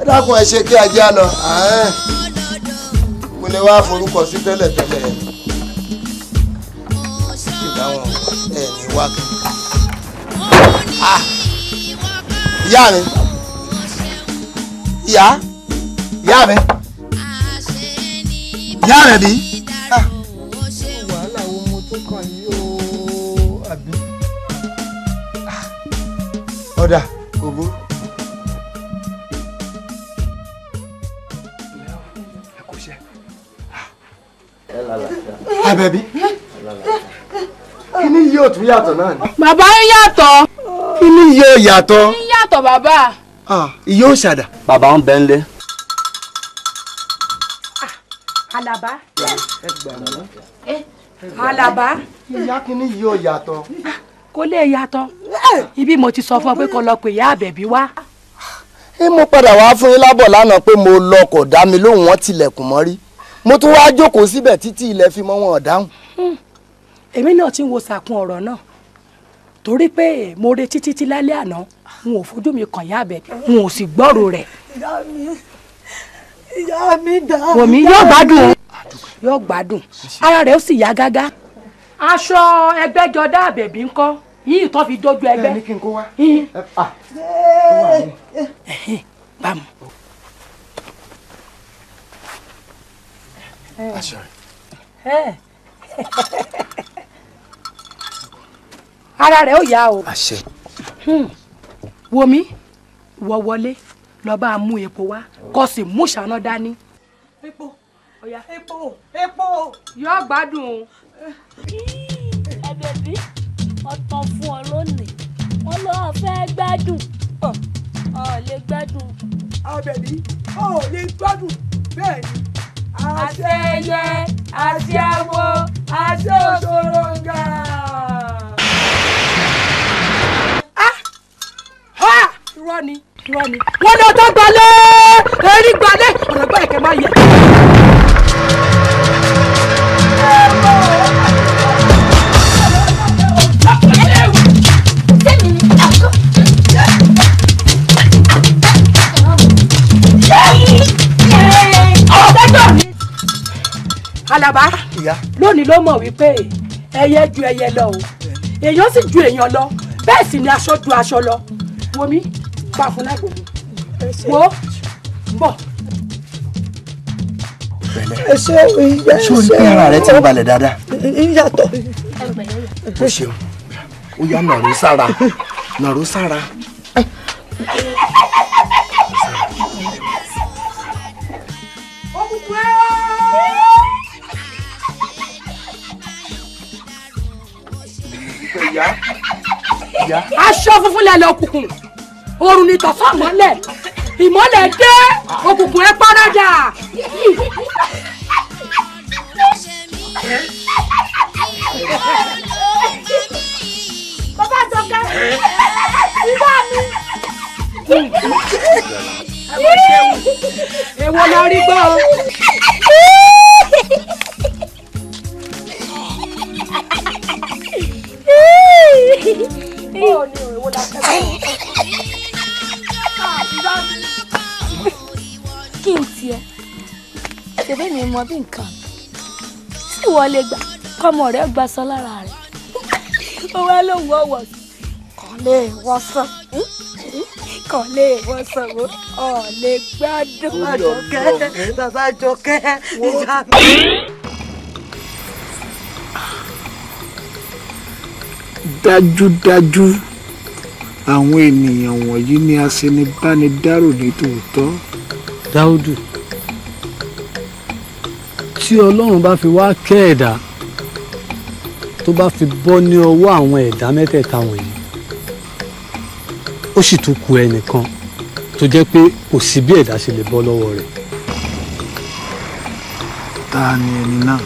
ẹ dákun ẹ ṣe kí ajá lọ mo lè wá forúkọ sí tẹ́lẹ̀ tẹ́lẹ̀ ẹ̀ ìdáhùn ẹ̀ ní wá kí. ìyá mi ìyá ìyá mi ìyá rẹ̀ bí. wàhálà wo mo tún kàn yí o àbí. ọ̀dà kò burú. Àbẹ̀bí kíní yóò tún yàtọ̀ náà ni. bàbá ń yàtọ̀. kíní yóò yàtọ̀. kíní yàtọ̀ bàbá. ìyá ò ṣàdà. bàbá ń bẹ ń lé. Ah, Àlàbá. Eh, Àlàbá. ìyá kíní yóò yàtọ̀. Ah, kò lè yàtọ̀ eh. ibi mo ti sọ fún ọ pé kó lọ pè ìyá Àbẹ̀bí wá. ẹ eh, mo padà wá fún yín lábọ̀ lánàá pé mo lọ kò dá mi lóhùn wọn tilẹ̀kùn mọ́ mo tún wá jókòó síbẹ̀ títí ilẹ̀ fi mọ́ wọn dáhùn. Hmm. èmi náà ti ń wo sàkún ọ̀rọ̀ náà torí pé mo retí títí lálẹ́ àná n ò fojú mi kàn yá bẹ̀ n ò sì gbọ́rò rẹ̀. ìyá mi ìyá mi dá. wòmí yóò gbádùn yóò gbádùn ara rẹ̀ ó sì yá gágá. aṣọ ẹgbẹ́jọdá àbẹ̀bí ńkọ́ yìí tó fi dójú ẹgbẹ́. bẹ́ẹ̀ ni kí n kó wá. bámu àṣàrẹ. ara rẹ̀ ó yá o. àṣẹ. wo mi wọ wọlé lọ bá a mú epo wá kó sì mú ṣáná dání. epo epo epo yọ gbádùn o. ẹ̀bẹ̀ bí ọ̀tàn fún ọ lónìí wọ́n lọ fẹ́ gbádùn ọ lè gbádùn. àbẹ̀bí ọ lè gbádùn bẹ́ẹ̀ ni àṣeyẹ àṣeawo àṣe òṣòròǹgà. Ah! irọ́ ni irọ́ ni wọ́n ní ọjọ́ gbalẹ̀ erin gbalẹ̀ ọ̀rọ̀ gbọ́ ẹ̀kẹ́ máa yẹ. Alaba ah, lónìí ló mọ̀ wípé ẹyẹ ju ẹyẹ lọ o èèyàn sì ju èèyàn lọ bẹ́ẹ̀ sì ni aṣọ ju aṣọ lọ wọmi pa fún lágbo wo bọ̀. ẹ ṣe ìyá ẹ ṣe sórí pé ara rẹ ti ń balẹ̀ dáadáa. ìyàtọ̀. o ṣeun ó yá nàró sára nàró sára. aṣọ funfun lẹ lọ òkùnkùn oòrùn ni tọ̀sán mọ́lẹ̀ ìmọ́lẹ̀ dé òkùnkùn ẹ párádà. bàbá àtọ́ká ìbá mi. èwo la rí gbọ́. bọ́ọ̀ ni òwò la fẹ́ bọ́ọ̀. kí n tiẹ̀ ṣèbí mi mọ bí nǹkan tí ìwọ lè gbà kọ́mọ rẹ̀ gba sọ lára rẹ̀ ó wá lóhùn ọ̀wọ̀ kàn lè wọ́sàn kàn lè wọ́sàn o ọ̀ lè gbádùn. Àjọkẹ́ bàbá Àjọkẹ́ ìjà mi. dájúdájú àwọn ènìyàn wọ̀nyí ni aṣenibánidárò ní tòótọ́. dáúdù tí ọlọ́run bá fi wá kẹ́ ẹ̀dá tó bá fi bọ́ ní ọwọ́ àwọn ẹ̀dá mẹ́tẹ̀ẹ̀ta wọ̀nyí ó sì tún ku ẹnìkan tó jẹ́ pé kò sí bí ẹ̀dá ṣe lè bọ́ lọ́wọ́ rẹ̀. ta ni ẹni náà.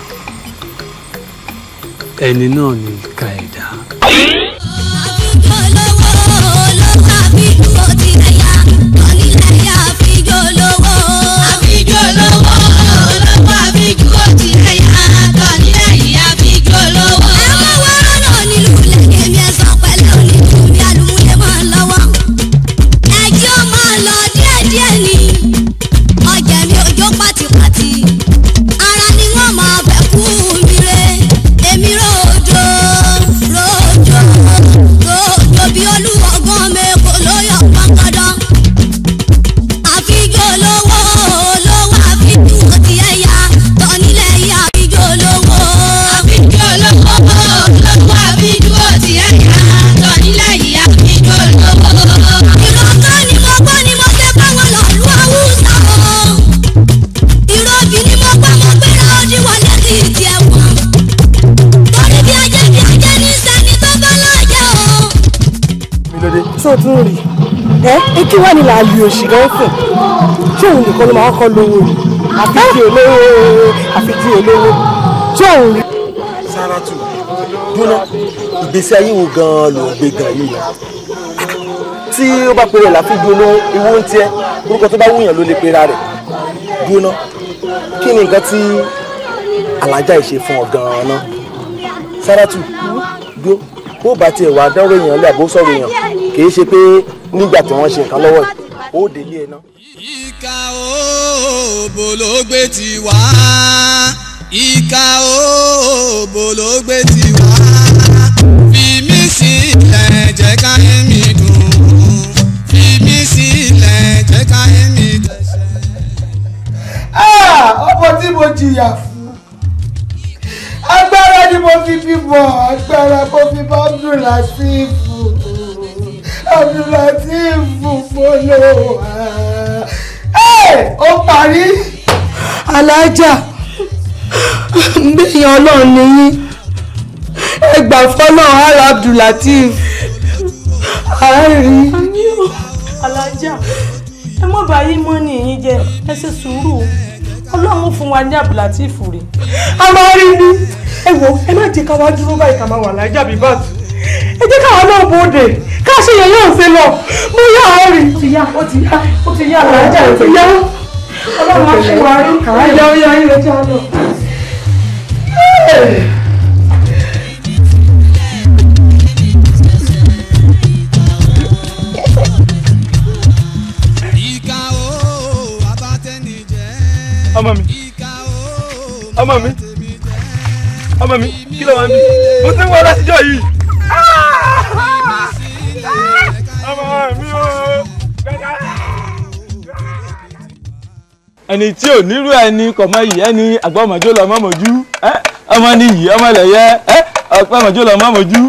ẹni náà ni ìka ẹ̀dá. rí ẹ kí wàá ní làálù òṣì gan fún òun nìkan ló máa kọ́ lówó rí àfi olówó àfi olówó ṣé òun rí. Saratu dúró ìgbésí ayé wo gan-an ló gbé gan yìí lọ tí ó bá pèrè làfíjú olówó ìwọ ń tiẹ̀ orúkọ tó bá wúyàn ló lè pera rẹ̀ dúró kí ni nǹkan tí alájà ìṣe fún ọ gan-an náà Saratu dúró bó bá tiẹ̀ wà dánwó èèyàn lé àbó sọ̀rọ̀ èèyàn kì í ṣe pé nígbà tí wọ́n ṣe nǹkan lọ́wọ́ yìí ó délé ẹ̀ náà. ìka òòbò ló gbé ti wá ìka òòbò ló gbé ti wá fi mí sílẹ̀ jẹ́ ká ẹ̀mí dùn fi mí sílẹ̀ jẹ́ ká ẹ̀mí dẹ̀ṣẹ̀. Ah, ọmọ tí mo jìyà fún agbára ni mo fi bímọ agbára mo fi bá Abdul Lateef abdulateef folo ó parí. alájà gbẹ̀yìn ọlọ́run nìyí ẹgbà fọlọ́ ara abdulateef àárín. alájà ẹ mọ̀ báyìí mọ́ ní ìyín jẹ ẹ ṣe sùúrù ọlọ́run fún wa ní abdulateef rè. a máa rí ni ẹ wo ẹ má jẹ́ ká wá dúró báyìí ká máa wà lájà bíbáàtú ẹ jẹ́ káwọn náà bóde ká ṣe yẹn yóò ṣe lọ mo yá ọ rí. ó ti yá ó ti yá ó ti yá àlàájá ó ti yá ọlọ́run á ṣe wá rí ẹ̀yà ó yá yín lọ́jọ́ àná. ọmọ mi ọmọ mi ọmọ mi kí ló wà ń mo ti ń wọ látijọ́ yìí ọmọ mi ò ẹni tí ò nírú ẹni kò mọ yìí ẹni àgbọ̀mọ̀jó lọ mọ́ mọ́jú ọmọ nìyí ọmọ ẹlẹ́yẹ ọ̀pẹ̀mọ̀jó lọ mọ́ mọ́jú.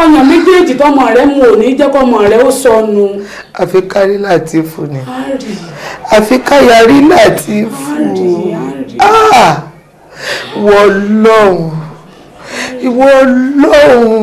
ọ̀nà méjèèjì tọmọ rẹ mu ò ní jẹ́ kọmọ rẹ ó sọnù. àfi kárí láti fún ni àfi káyàrí láti fún ah! wọ́n lọ́hùn-ún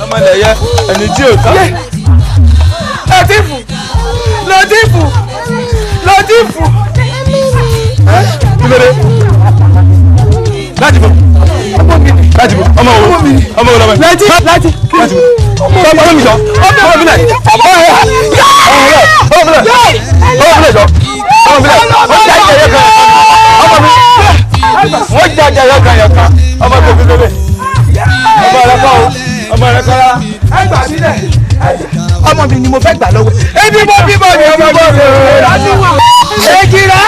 ọmọlẹyẹ ẹni tí ò tán. lọtífù lọtífù lọtífù. kílódé láti bọ̀ láti bọ̀ ọmọ wo ọmọ wo lọ́wọ́ láti láti láti bọ̀ ọmọ mi sọ ọmọ mi náà ọmọ mi náà ọmọ mi náà ọmọ mi náà sọ ọmọ mi wọ́n jẹ́ àjẹ́ yọkan ọmọ mi wọ́n jẹ́ àjẹ́ yọkan yọkan ọmọ mi òbí bèbè ọmọ rẹ kọ́ ọmọ rẹ kọ́ la ẹ gbà sílẹ̀ ọmọ mi ni mo fẹ́ gbà lọ́wọ́ ebi mo bí mo ní ọmọ mi ò rẹ̀ láti wà. èjìrá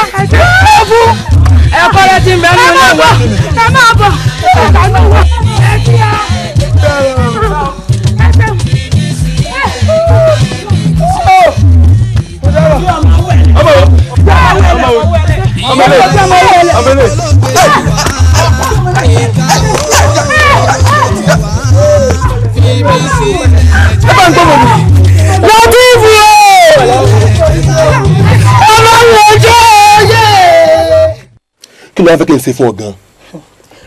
ẹ fún ẹ̀kọ́ rẹ ti mẹ́rin ní ọwọ́ ẹ máa bọ̀ ẹ máa bọ̀ ẹ ti yá. ọmọ wo látìfù ọlọ́run ọjọ́ òye. kí ló wá fẹ́ kí n ṣe fún ọ gan-an.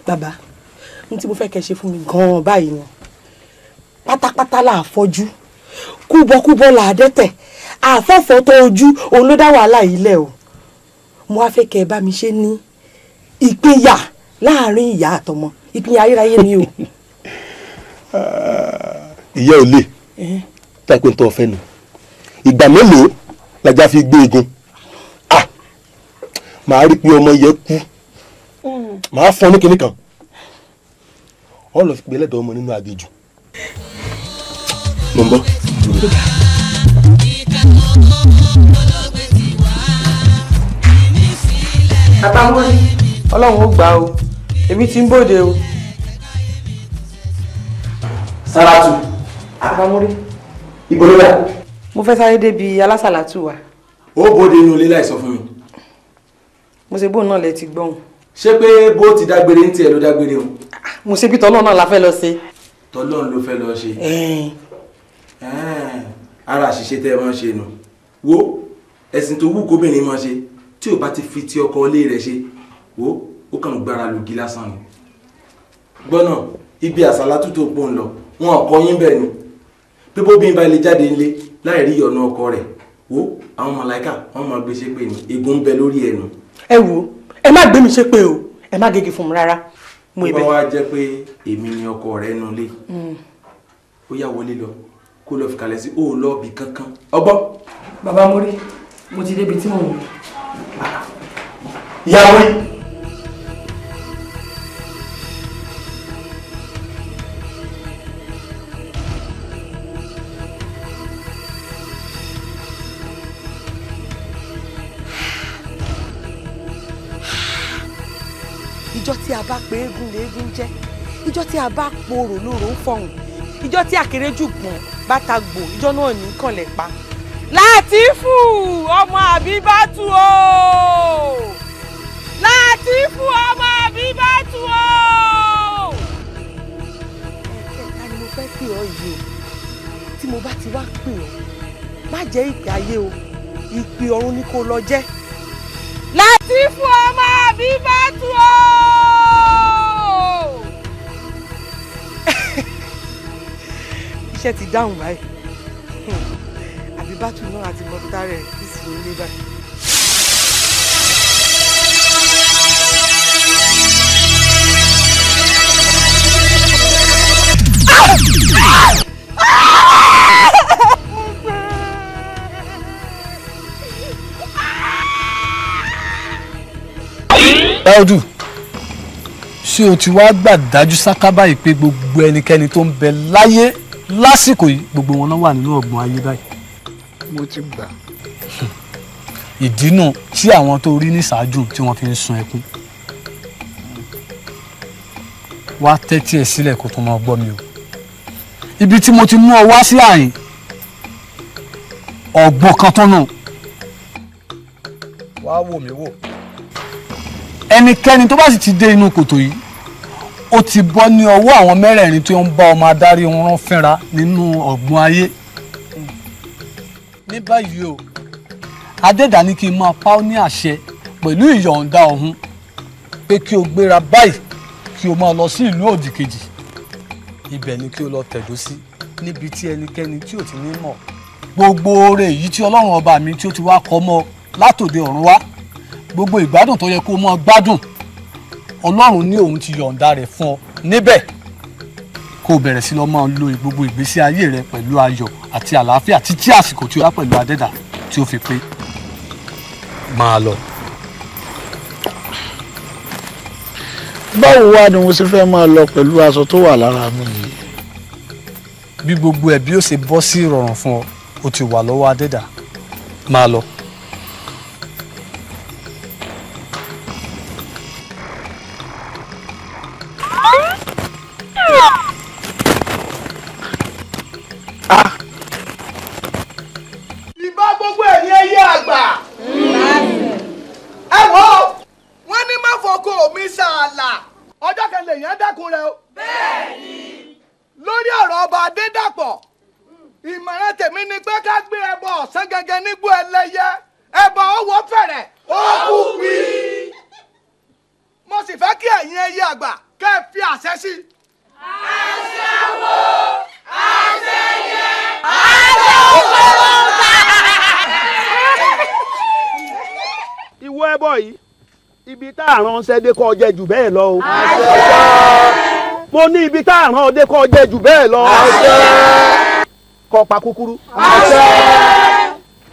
bàbá ní tí mo fẹ́ kẹ́ ṣe fún mi gan-an báyìí ni pátápátá là á fọ́jú kúbọkúbọ là á dẹ́tẹ̀ àfọ̀fọ̀ tó ojú òun ló dá wàhálà yìí lẹ̀ o mo wá fẹ́ kẹ́ ẹ bá mi ṣe ní ìpínyà láàrin ìyá àtọmọ ìpínyà ayérayé ni o. Ah, ìyá ò lè tá a pè ń tọ́ ọ̀fẹ́ nu ìgbà mélòó lajá fi gbé egun màá rí i pé ọmọ yẹn kú hmm. màá fọn ní kinní kan ọ lọ fi pé ẹlẹ́dọ̀ ọmọ nínú aginjù. mo ń bọ́ àtàmúrí ọlọ́run ó gbà o èmi ti ń bòde o. sàràtù. àtàmúrí. ibo ló mo fẹ́ sáré débi alásàlátù wa. ó bòde inú ilé láì sọ fún mi. mo ṣe bóun náà lẹ ti gbọ́n. ṣé pé bó ti dágbére ní tiẹ̀ ló dágbére o. mo ṣe bí tọ́lọ́ náà la fẹ́ lọ ṣe. tọ́lọ́ ló fẹ́ lọ ṣe. ara àṣìṣe tẹ́ ẹ máa ń ṣe nù. No wo ẹ̀sìn tó wù kóbìnrin máa ṣe tí ò bá ti fi ti ọkọ ilé rẹ̀ ṣe wo ó kàn gbára lùgì lásán ni gbọ́nà ibi àsálátù tó pọ̀ ń lọ wọn ọkọ yín bẹ́ẹ̀ ni pípọ́ bí n ba lè jáde ńlé láì rí ìyọ̀nà ọkọ rẹ̀ wo àwọn màláìkà wọn máa gbé ṣépè ni ègún ń bẹ lórí ẹnu. ẹ wo ẹ má gbé mi ṣépè o ẹ má gègé fún mi rárá mo ìbẹ. wọ́n wá jẹ́ pé èmi ni ọkọ rẹ̀ nulẹ̀ hmm. ó yá wọlé lọ kó lọ fìkàlẹ̀ sí ó lọ bì kankan ọgbọ́. bàbá mo mo ti débi tí mò ń lọ. ìjọ tí a bá pe eégún lè eégún jẹ ìjọ tí a bá porò lóró ń fọhùn ìjọ tí àkèrè jù gbọ̀n bàtà gbò ìjọ náà ní kànlẹ̀ pa. látìfù ọmọ àbíbátú o látìfù ọmọ àbíbátú o. ẹ̀ka ni mo fẹ́ pè ọ́ yìí o tí mo bá ti wá pè ọ́ má jẹ́ ìpè ayé o ìpè ọ̀run ni kò lọ jẹ́. látìfù ọmọ àbíbátú o. iṣẹ́ ti dáhùn báyìí àbí bátù náà àti mọ́tà rẹ̀ kí sì ló lé báyìí. dáúdù ṣé o ti wá gbà dájú sáká báyìí pé gbogbo ẹnikẹ́ni tó ń bẹ láyé lásìkò yìí gbogbo wọn náà wà nínú ọgbọ́n ayé báyìí. mo ti gbà. ìdínú tí àwọn tó rí níṣáájú tí wọ́n fi ń sun ẹkún wá tẹ́tí ẹ̀ sílẹ̀ kó tó máa gbọ́ mi o ibi tí mo ti mú ọ wá sí àyìn ọ̀gbọ́n kan tán náà. wàá wò mí wò. ẹnikẹ́ni tó bá sì ti dé inú kòtò yìí ó ti bọ́ ní ọwọ́ àwọn mẹ́rẹ̀ẹ̀rin tí ó ń bá ọmọ adarí wọn rán fínra nínú ọ̀gbun ayé. ní báyìí o adẹ́dà ní kí n máa pa ọ́ ní àṣẹ pẹ̀lú ìyọ̀ǹda ọ̀hún pé kí o gbéra báyìí kí o máa lọ sí ìlú òdì ibẹ̀ ni kí o lọ tẹ̀dó sí níbi tí ẹnikẹ́ni tí ò ti ní mọ̀ gbogbo oore èyí tí ọlọ́run ọba mi tí o ti wá kọ́ mọ́ látòde ọ̀run wá gbogbo ìgbádùn tó yẹ kó o máa gbádùn ọlọ́run ní òun ti yọ̀ǹda rẹ̀ fún ọ níbẹ̀ kó o bẹ̀rẹ̀ sí lọ máa lo gbogbo ìgbésí ayé rẹ pẹ̀lú ayọ̀ àti àlàáfíà títí àsìkò tí o bá pẹ̀lú adẹ́dà tí o fi pé máa lọ. báwo wá ni mo ṣe fẹ́ máa lọ pẹ̀lú aṣọ tó wà lára mi yìí. bí gbogbo ẹ̀ bí ó ṣe bọ́ sí ìrọ̀rùn fún ọ o ti wà lọ́wọ́ adẹ́dà máa lọ. lèèyàn dẹ́kun rẹ o. bẹ́ẹ̀ni. lórí ọ̀rọ̀ ọba adédàpọ̀ ìmọ̀ràn tèmi ni pé ká gbé ẹbọ ọ̀sán gẹ́gẹ́ nígbó ẹlẹ́yẹ ẹbọ owó fẹ̀rẹ̀. ó kú wí. mo sì fẹ́ kí ẹ̀yin ẹyẹ àgbà kẹ́ ẹ fi àṣẹ sí. àṣẹ wo àṣẹ yẹ ìwọ ẹbọ yìí ibi tá a rán ṣẹ́ dé kọ́ jẹ jù bẹ́ẹ̀ lọ o. àṣẹ. mo ní ibi tá a rán ọdẹ kọ́ jẹ jù bẹ́ẹ̀ lọ. àṣẹ. kúkúrú.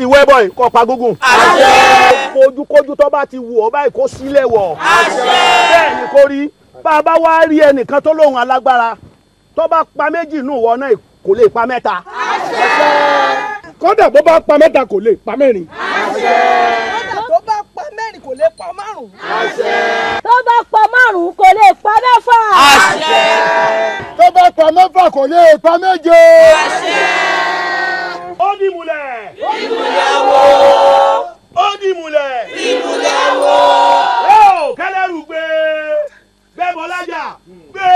ìwé bọ̀ì kọ́ pa gúngùn. kojúkojú tó bá ti wù ọ́ báyìí kó sílẹ̀ wọ̀. àṣẹ. bẹ́ẹ̀ ni kò rí bá a bá wá rí ẹnìkan tó lóun alágbára tó bá pa méjì nù wọ náà kò lè pa mẹ́ta. àṣẹ. bó bá pa mẹ́ta kò lè pa mẹ́rin. àṣẹ márùn-ún. àṣẹ. tó bá pọ̀ márùn-ún kò lè pa mẹ́fà. àṣẹ. tó bá pọ̀ mẹ́fà kò lè pa méje. àṣẹ. ó ní ìmùlẹ̀. ìmùlẹ̀ wo. ó ní ìmùlẹ̀. ìmùlẹ̀ wo. ẹ ò kẹlẹ́rù gbé gbé bọ́lájà gbé.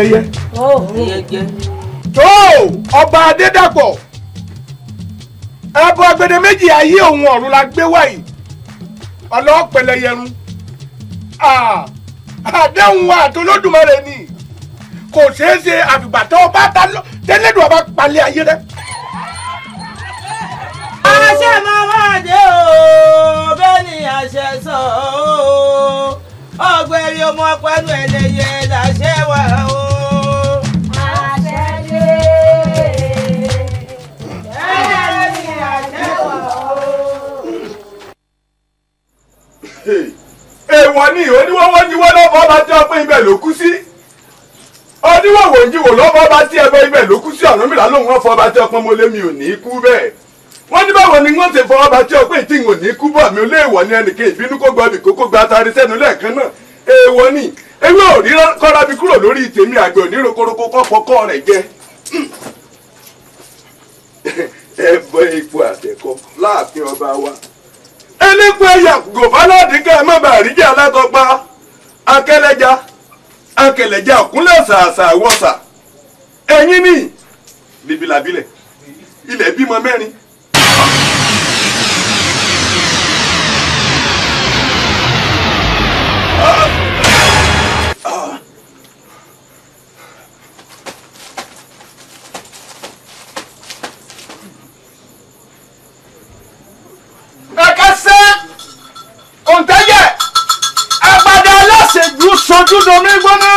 ẹ̀yìn ẹyẹ. tó ọba adédàpọ̀ ẹbọ agbede méjì ayé òun ọ̀run la gbé wáyìí ọlọ́pẹ̀lẹ̀ yẹrun àdéhùn wa àtolódùmarè ni kò ṣeé ṣe àfìgbà tó o bá ta tẹ́lẹ̀dùn ọba palẹ̀ ayé rẹ. àṣẹ máa wá dé o bẹ́ẹ̀ ni àṣẹ sọ ọ́ ọgbẹ́rì ọmọ pẹ́lú ẹlẹ́yẹ làṣẹ wà o. ni oníwọ́wọ́ jíwọ́ lọ́bọ̀ ọba tí ọpẹ́ ibẹ̀ ló kú sí oníwọ̀wọ̀ lọ́bọ̀ tí ibẹ̀ ló kú sí fọ tí mo lé ni wọ́n fọ tí ọpẹ́ tí ò ní kú bọ̀ mi ò ni ẹnìkan ìbínú kó gbọ́ bìkó kó gba sẹ́nu lẹ́ẹ̀kan náà èèwọ̀ ni ewé kọ́ra elépo ẹ̀yà gòfálàdì ká ẹ má bàa rí jẹ́ alátọ́pá akẹ́lẹ́já akẹ́lẹ́já kúnlẹ̀ sàásà wọ́sà ẹ̀yìn ní bìbìlà bílẹ̀ bímọ mẹ́rin sọjú domi gbóná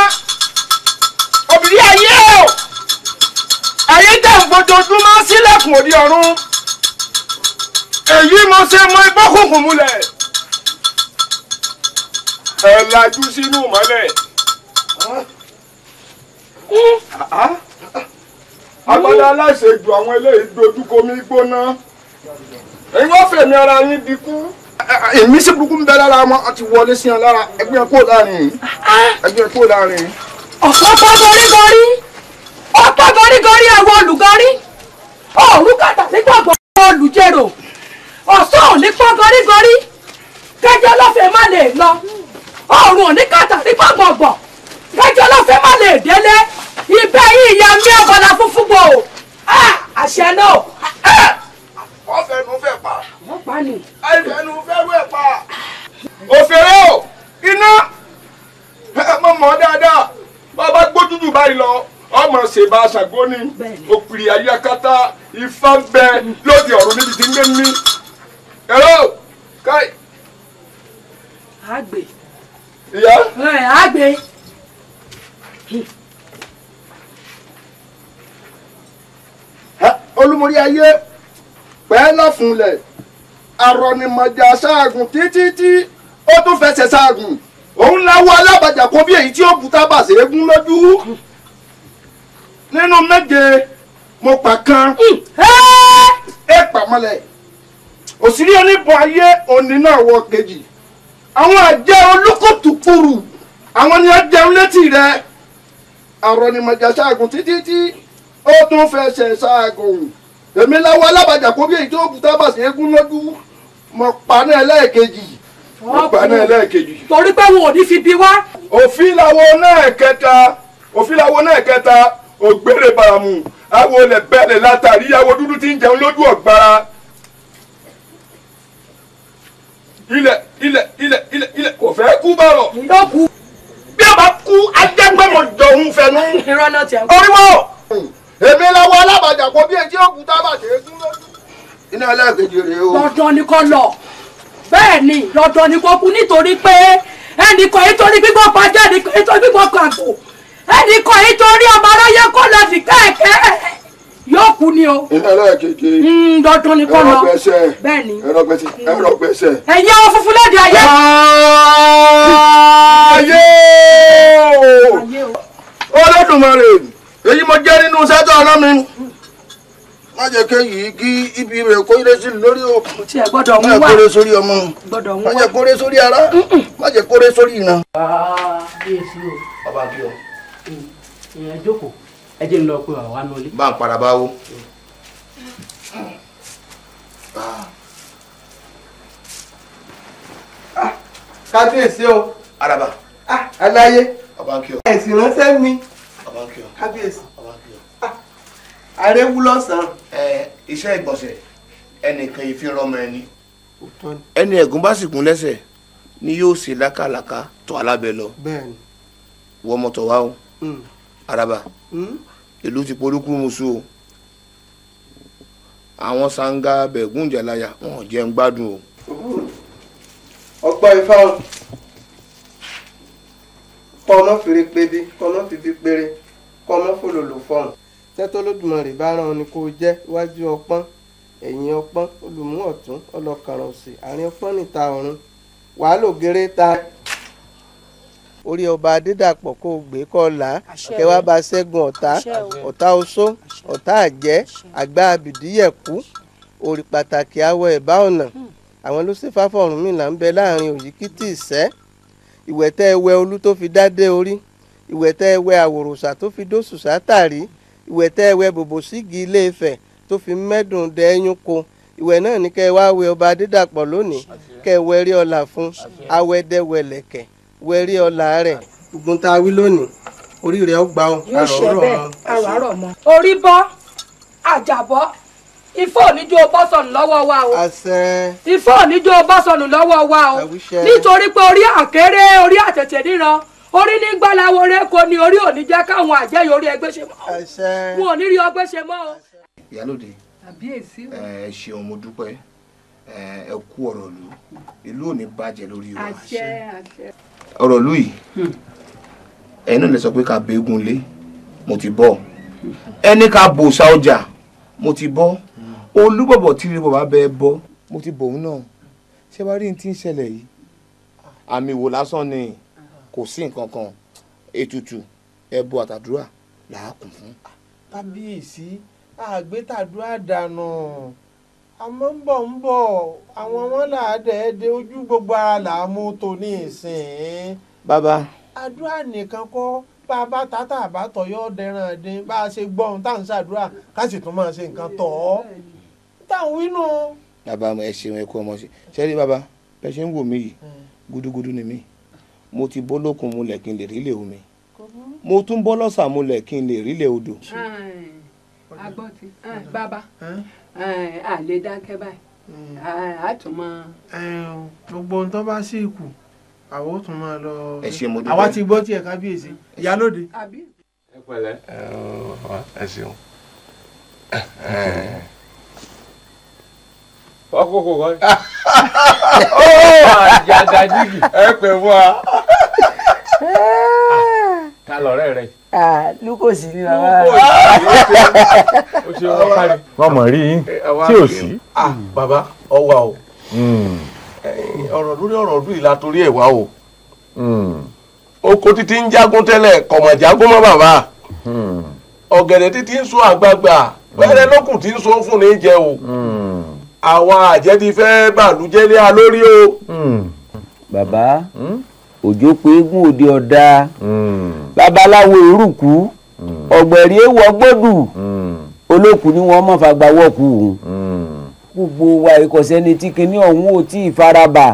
òbí ayé o ayé tẹ̀ ń fojoojúmọ́ òdi ọ̀run èyí mo ṣe mọ ẹgbẹ́ òkùnkùn múlẹ̀ ẹ lajú sínú mọ́lẹ̀. agbada aláṣẹ ju àwọn eléyìí dojúkomi gbóná èyí wọ́n fèmí ara yín dikú èmi sì burúkú ń bẹ lára wọn àti wọlé sí wọn lára ẹgbẹ́ kó láàrin yìí ah. ẹgbẹ́ kó láàrin yìí. ọ̀pọ̀ tó gorígorí ọ̀pọ̀ gorígorí àwọn olùgorí òòrùn kàtà nígbàgbọ́ olùjèrò ọ̀sán òní pọ́ gorígorí kẹjọ lọ́fẹ̀ẹ́ má lè lọ òòrùn òní kàtà nígbàgbọ́ kẹjọ lọ́fẹ̀ẹ́ má lè délé ibẹ̀ yìí ya mí ọ̀bọ̀là fúnfún gbòò ah, àṣẹ náà. Ah, wọ́n fẹnu fẹ́ pa. wọ́n pa ni. àìfẹnu fẹ́rù ẹ̀ pa. òfèrè o iná ẹ mọ̀ mọ́ dáadáa bàbá gbójújù báyìí lọ ọmọ ṣèbá ṣàgbó ni òpìrì ayíakátá ifá bẹ lóde ọ̀run níbi tí ń gbé mí. ẹ̀rọ káì. àgbè. ìyá. ẹ àgbè. olúmọrí ayé pẹ́ lọ́fúnlẹ̀ àrọ̀nìmọ̀jà ṣáàgùn títí tí ó tún fẹsẹ̀ ṣáàgùn òun láwọ alábàjá kó bí èyí tí ó bu tábàṣe eégún lójú nínú méje mo pa kan ẹ pàmọ́lẹ̀ òsìrí oníbọn ayé òní náà wọ kejì àwọn àjẹ olókùtùkùrù àwọn ni wọ́n jẹun létí rẹ̀ àrọ̀nìmọ̀jà ṣáàgùn títí ó tún fẹsẹ̀ ṣáàgùn èmi láwọ alábàjá kó bí èyí tó kù tábà sí eégún lójú mo paná ẹlẹ́ẹ̀kejì mo paná ẹlẹ́ẹ̀kejì. torí pé wọn ò ní fi bí wá. òfin làwọn náà kẹta òfin làwọn náà kẹta ògbére bàmù àwọn olè bẹ́ẹ̀lẹ̀ látàrí àwọn dúdú tí ń jẹun lójú ọ̀gbára ilẹ̀ ilẹ̀ ilẹ̀ ilẹ̀ ilẹ̀ kò fẹ́ kú bọ̀rọ̀. yóò kú. bí a bá kú ajẹ́gbẹ́mọ̀ jọ̀hún fẹ́nu. ìrànà tí a ń kú. orí mọ́ èmi lọ́wọ́ alábàjá kò bí etí òkúta bàtẹ́ ẹ̀dún lójú. iná ẹlẹ́ẹ̀kejì rèé o. dandan ni kò lọ bẹ́ẹ̀ ni dandan ni kò kú nítorí pé ẹnìkan yìí torí gbígbọ́ pàjẹ́ ẹnìkan yìí torí gbígbọ́ kàgbò ẹnìkan yìí torí ọmọ aráyé kò lọ sí kẹ́ẹ̀kẹ́ yóò kú ni o. iná ẹlẹ́ẹ̀kejì. Hmm, dandan ni kò lọ bẹ́ẹ̀ ni. ẹ̀rọ gbẹ̀sẹ̀ ẹ̀rọ gbẹ̀sẹ̀. ẹ̀yin àwọn funfun lẹ́dí ayé. ayé o olódùmarè èyí mo jẹ́ nínú sẹ́tọ̀ ọ̀nà mi má jẹ́ kéyìí kí ibi rẹ̀ kó ilé sí lórí o má jẹ́ kórè sórí ọmọ má jẹ́ kórè sórí ara má jẹ́ kórè sórí ìran. bàbá bí o ìyẹn jókòó ẹ jẹ́ ń lọ pé wàá nọlé. bá ń padà bá wo. Ah, kábíyèsí o. araba. Ah, aláyé. ọba ń kí o. ẹ̀sìn ránṣẹ́ mi kábíyèsí ah, ààrẹ wú lọ́sàn-án. iṣẹ́ ìgbọ̀nsẹ̀ ẹnìkan ìfi rọmọ ẹni ẹni ẹ̀gún bá sì kún lẹ́sẹ̀ ni yóò ṣe lákàlàkà tó alábẹ lọ wọ́n mọ̀tọ̀ wá o hmm. araba hmm? ìlú ti polúkú musu o àwọn sanga bẹ̀gún jàláyà wọn jẹ́ ń gbádùn o. ọgbọ́n ifá ọ̀nà fèrè pé bí kọ́nà fìbí péré kọ́ mọ́fòlòlò fọ̀hún tẹ́tọ́lódùmarè bá rán ni kó jẹ́ iwájú ọpọ́n ẹ̀yìn ọpọ́n olùmú ọ̀tún ọlọ́kàrán òsì àárín ọpọ́n níta ọ̀run wàá lò géré ta orí ọba adédàpọ̀ kó o gbé kọ́ là á kẹwàá bá ṣẹ́gun ọ̀tá ọ̀tá oṣó ọ̀tá àjẹ́ àgbà abìdíyẹ̀kú orí pàtàkì awọ ẹ̀bá ọ̀nà hmm. àwọn ló ṣe mi là ń bẹ láàrin òyìkítì ìṣẹ́ ìwẹ̀tẹ́ ẹwẹ́ olú tó fi dá dé orí ìwẹ̀ tẹ́ ẹ wẹ àwòròsà tó fi dóṣù sátàrí ìwẹ̀ tẹ́ ẹ wẹ bòbò sígi ilé Ifẹ̀ tó fi mẹ́dùn dẹ́yún ko ìwẹ̀ náà ní kẹ́ ẹ wá wẹ ọba Adédàpọ̀ lónìí kẹ́ ẹ wẹ rí ọlà fún awẹ́dẹ́wẹ̀lẹ̀kẹ̀ wẹ rí ọlà rẹ̀ ogun tá a wí lónìí orí rẹ̀ ó gbà ọ́ àròárọ̀ mọ́. orí bọ́ àjàbọ́ ifá oníjó bọ́sọ̀nù lọ́wọ́ wa o ifá oníjó bọ́sọ̀nù lọ́wọ́ wa o nítorí pé orí àkéré orí àtẹ̀tẹ̀ níran orí ní gbàláwo rẹ kò ní orí òní jẹ́ káwọn àjẹ́ yorí ẹgbẹ́ ṣe mọ́ wọn ò ní rí ọgbẹ́ ṣe mọ́ o. ìyálòde ẹ ṣeun mo dúpẹ́ ẹ kú ọ̀rọ̀ lù ìlú òní bàjẹ́ lórí wa ọ̀rọ̀ lù yìí hmm. ẹ̀yin náà lè sọ pé ká bẹ́ẹ̀gùn lé mo ti bọ́ ẹni ká bòòsà ọjà mo ti bọ́ olúbọ̀bọ̀ tí rí bàbá bẹ́ẹ̀ bọ́ mo ti bòun náà ṣé wàá rí ní tí ń ṣẹlẹ̀ yìí àmì ìwò lásán ni kò sí nǹkan kan ètùtù ẹbọ àtàdúrà là á kún fún. kábíyèsí àgbétàdúrà dànù àmọ́ ń bọ̀ ń bọ̀ àwọn wọn là á dẹ̀ẹ́dẹ́ ojú gbogbo ara là á mú tó ìsìn. bàbá. àdúrà nìkan kọ́ bá a bá ta tá a bá tọ̀ yọ dẹran dín bá a ṣe gbọ́ ohun tá à ń ṣàdúrà ká sì tún máa ṣe nǹkan tọ̀ ọ́ táwọn wínú. bàbá ẹ ṣeun ẹ kú ọmọ ṣe ṣe rí bàbá bẹ ṣe ń wò mí yìí gúdúgúdú ni mí mo ti bọ́ lókun mulẹ̀ kí n lè rílẹ̀ omi mo tún bọ́ lọ́sà mulẹ̀ kí n lè rílẹ̀ odò. agbọ́n ti bàbá àlè dákẹ́ báyìí àtúmọ̀. Hmm. gbogbo ohun tó bá sí ikù àwọn ò tún máa lọ àwa ti gbọ́ tiẹ̀ kábíyèsí ìyálóde. ẹ pẹ̀lẹ́. ẹ ṣeun ọkọ kò kọ. jagajigi. ẹ pè fún wa. ta lọ̀rẹ́ rẹ. lukosi ni bàbá rẹ. wọ́n mọ̀ rí yín tí ò sí. bàbá ọwà o hmm. ọ̀rọ̀ lórí ọ̀rọ̀ ọdún ìlà torí ẹ̀ wá o hmm. oko títí ń jagun tẹ́lẹ̀ kọ̀mọ̀ jagun mọ́ bàbá hmm. ọ̀gẹ̀dẹ̀ títí ń so àgbààgbà bẹ́ẹ̀rẹ̀ lókùn tí ń so fún ní jẹ o àwọn àjẹ́ ti fẹ́ bàlújẹ́ lé a lórí o. Hmm. bàbá hmm? òjò pé eégún òde ọ̀dà hmm. babaláwo èrùkú ọ̀gbẹ̀rì èèwọ̀ ọgbọ́dù olókùn ni wọ́n mọ̀ fagbá wọ́ọ̀kù òun gbogbo wa ìkọ̀sẹ́ni tí kinní ọ̀hún ò tí ì faraba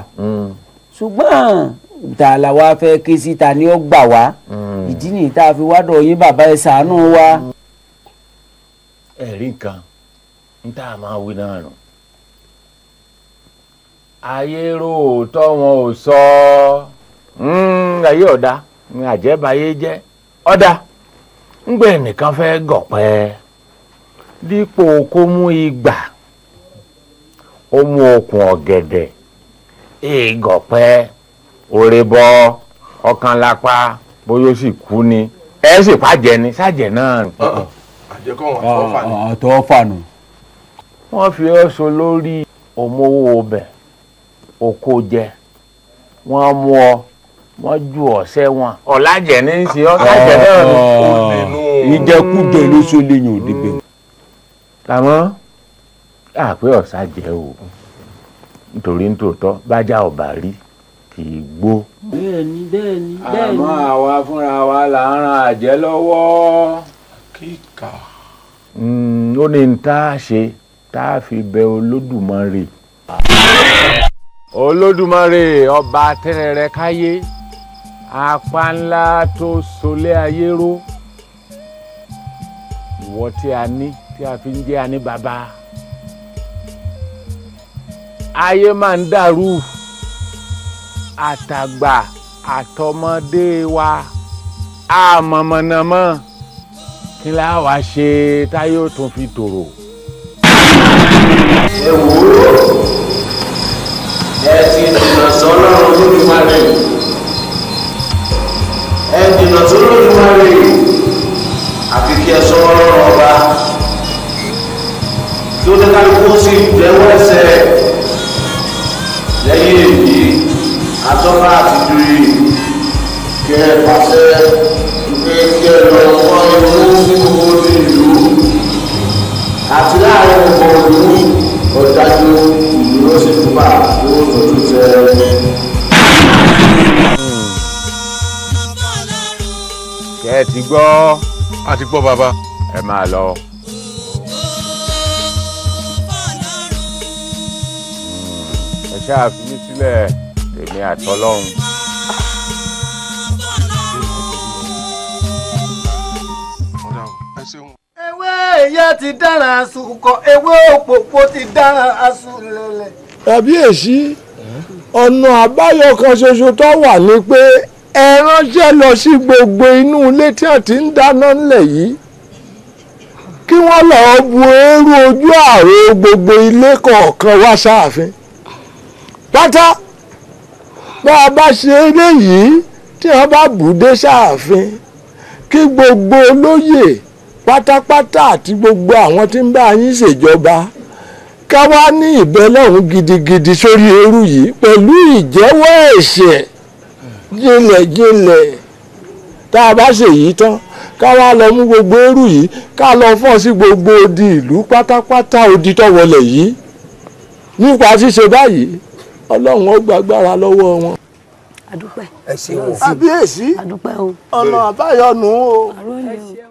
ṣùgbọ́n ta la wa fẹ́ ké síta ni ó gbà wá ìdí nìyí tá a fi wá dọ̀ yín bàbá ẹ ṣàánú wa. ẹ̀rí nǹkan ń tá a máa wí náà nù ayé róòótọ́ wọn ò sọ hmm, ayé ọ̀dà ni hmm, àjẹbáyé jẹ́ ọ̀dà ńgbẹ́ nìkan fẹ́ gọ̀pẹ́ dípò kó mú igbà ó mú okùn ọ̀gẹ̀dẹ̀ ìgọ̀pẹ́ òrè bọ ọkàn lápá bóyá ó sì kú ni ẹ sì pàjẹ́ ni sájẹ́ náà. àjẹkọ̀ wọn àtọ́ fànù. wọ́n fi ọ́ so lórí òmòwò bẹ̀. oko jẹ wọ́n mú ọ wọ́n jù ọ sẹ́wọ̀n. ọ̀làjẹ̀ ní í ṣe ọ̀làjẹ̀ náà ni kò nínú. ìjẹkújẹ ló ṣe lè yàn òde bẹ̀rù. làmọ́ àpé ọ̀sà jẹ́ o nítorí nítòótọ́ bájà ọ̀bà rí kì í gbó. bẹ́ẹ̀ni bẹ́ẹ̀ni bẹ́ẹ̀ni. àmọ́ àwa fúnra wa là ń ran àjẹ́ lọ́wọ́ kíkà. Hmm, ó ní n tá a ṣe tá a fi bẹ Olódùmarè olódùmarè ọba tẹ́rẹ̀rẹ̀ káyé apá ńlá tó solé ayé ró ìwọ tí a ní tí a fi ń jẹ́ àní bàbá ayé máa ń dàrú àtàgbà àtọmọdé wa àmọ̀mọ̀nàmọ́ kí la wàá ṣe táyé ó tún fi tòrò. ẹ wò ó ẹ̀sìn ìdìnnà sọ́lọ́run olódùmarè ẹ̀dìnnà tó lódùmarè àfi kí ẹ sọ ọlọ́run ọba kí ó dẹ́ka kó sì dẹ́wọ́ ẹsẹ̀ lẹ́yìn èyí atọ́ka àti dùrì kẹ pàṣẹ ìpè kí ẹ lọ fọ́ ìlú sí gbogbo ìlú àti láàrin gbogbo ìlú ọ̀dájú ìró sí fúnpá ìró lójú tẹ. kẹ́ ẹ ti gbọ́ a ti gbọ́ bàbá ẹ máa lọ. ẹ ṣáà fi mí sílẹ̀ èmi àtọ́lọ́hún. ìyá ti dára asukọ ewé òpópó ti dára asulẹ̀lẹ̀. kàbíyèsí ọ̀nà àbáyọ kan ṣoṣo tó wà ní pé ẹ ránṣẹ́ lọ sí gbogbo inú ilé tí a ti ń dáná ńlẹ̀ yìí kí wọ́n lọ́ọ́ bu eérú ojú ààrò gbogbo ilé kọ̀ọ̀kan wá sáàfin pátá bá a bá ṣe eléyìí tí wọ́n bá bù dé sáàfin kí gbogbo olóyè pátápátá àti gbogbo àwọn tí ń bá yín ṣèjọba ká wá ní ìbẹ́lẹ́hùn gidigidi sórí eérú yìí pẹ̀lú ìjẹ́wọ́ ẹ̀ṣẹ̀ jinlẹ̀jinlẹ̀ tá a bá ṣèyí tán ká wá lọ mú gbogbo eérú yìí ká lọ fọ́n sí gbogbo odi ìlú pátápátá odi tó wọlé yìí nípa ṣíṣe báyìí ọlọ́run ó gbàgbára lọ́wọ́ wọn. àdúpẹ́ ẹ ṣeun àbíyèsí àdúpẹ́ o ọ̀nà àbáyọ o.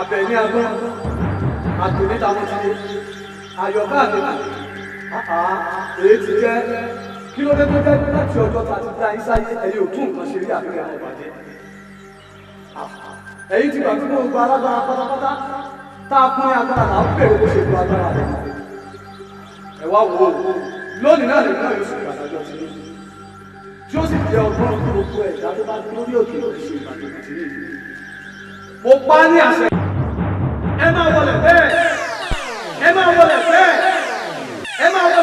abẹ̀ní agbọ́n àtòníta mọ́tìdé àyọ̀bá àtẹ̀kù èyí ti jẹ́ kí ló dé tó jẹ́ láti ọjọ́ ta ti dá isáyé ẹ̀yẹ òtún nǹkan ṣe rí àfihàn ọ̀bà jẹ́ ẹ̀yìn ti gbàgbé mọ́ gba alágbára pátápátá tá a pín agbára là ń bèrè bó ṣe gba agbára rẹ̀ ẹ̀ wá wò ó lónìí náà lè náà yóò sì gbàdájọ́ ti ní tí ó sì jẹ́ ọgbọ́n gbogbo ẹ̀dá tó bá dúró ní òkè òkè ṣe ìbàdàn tì mo pa á ní àṣẹ ẹ máa wọlé bẹ́ẹ̀ ẹ máa wọlé bẹ́ẹ̀ ẹ máa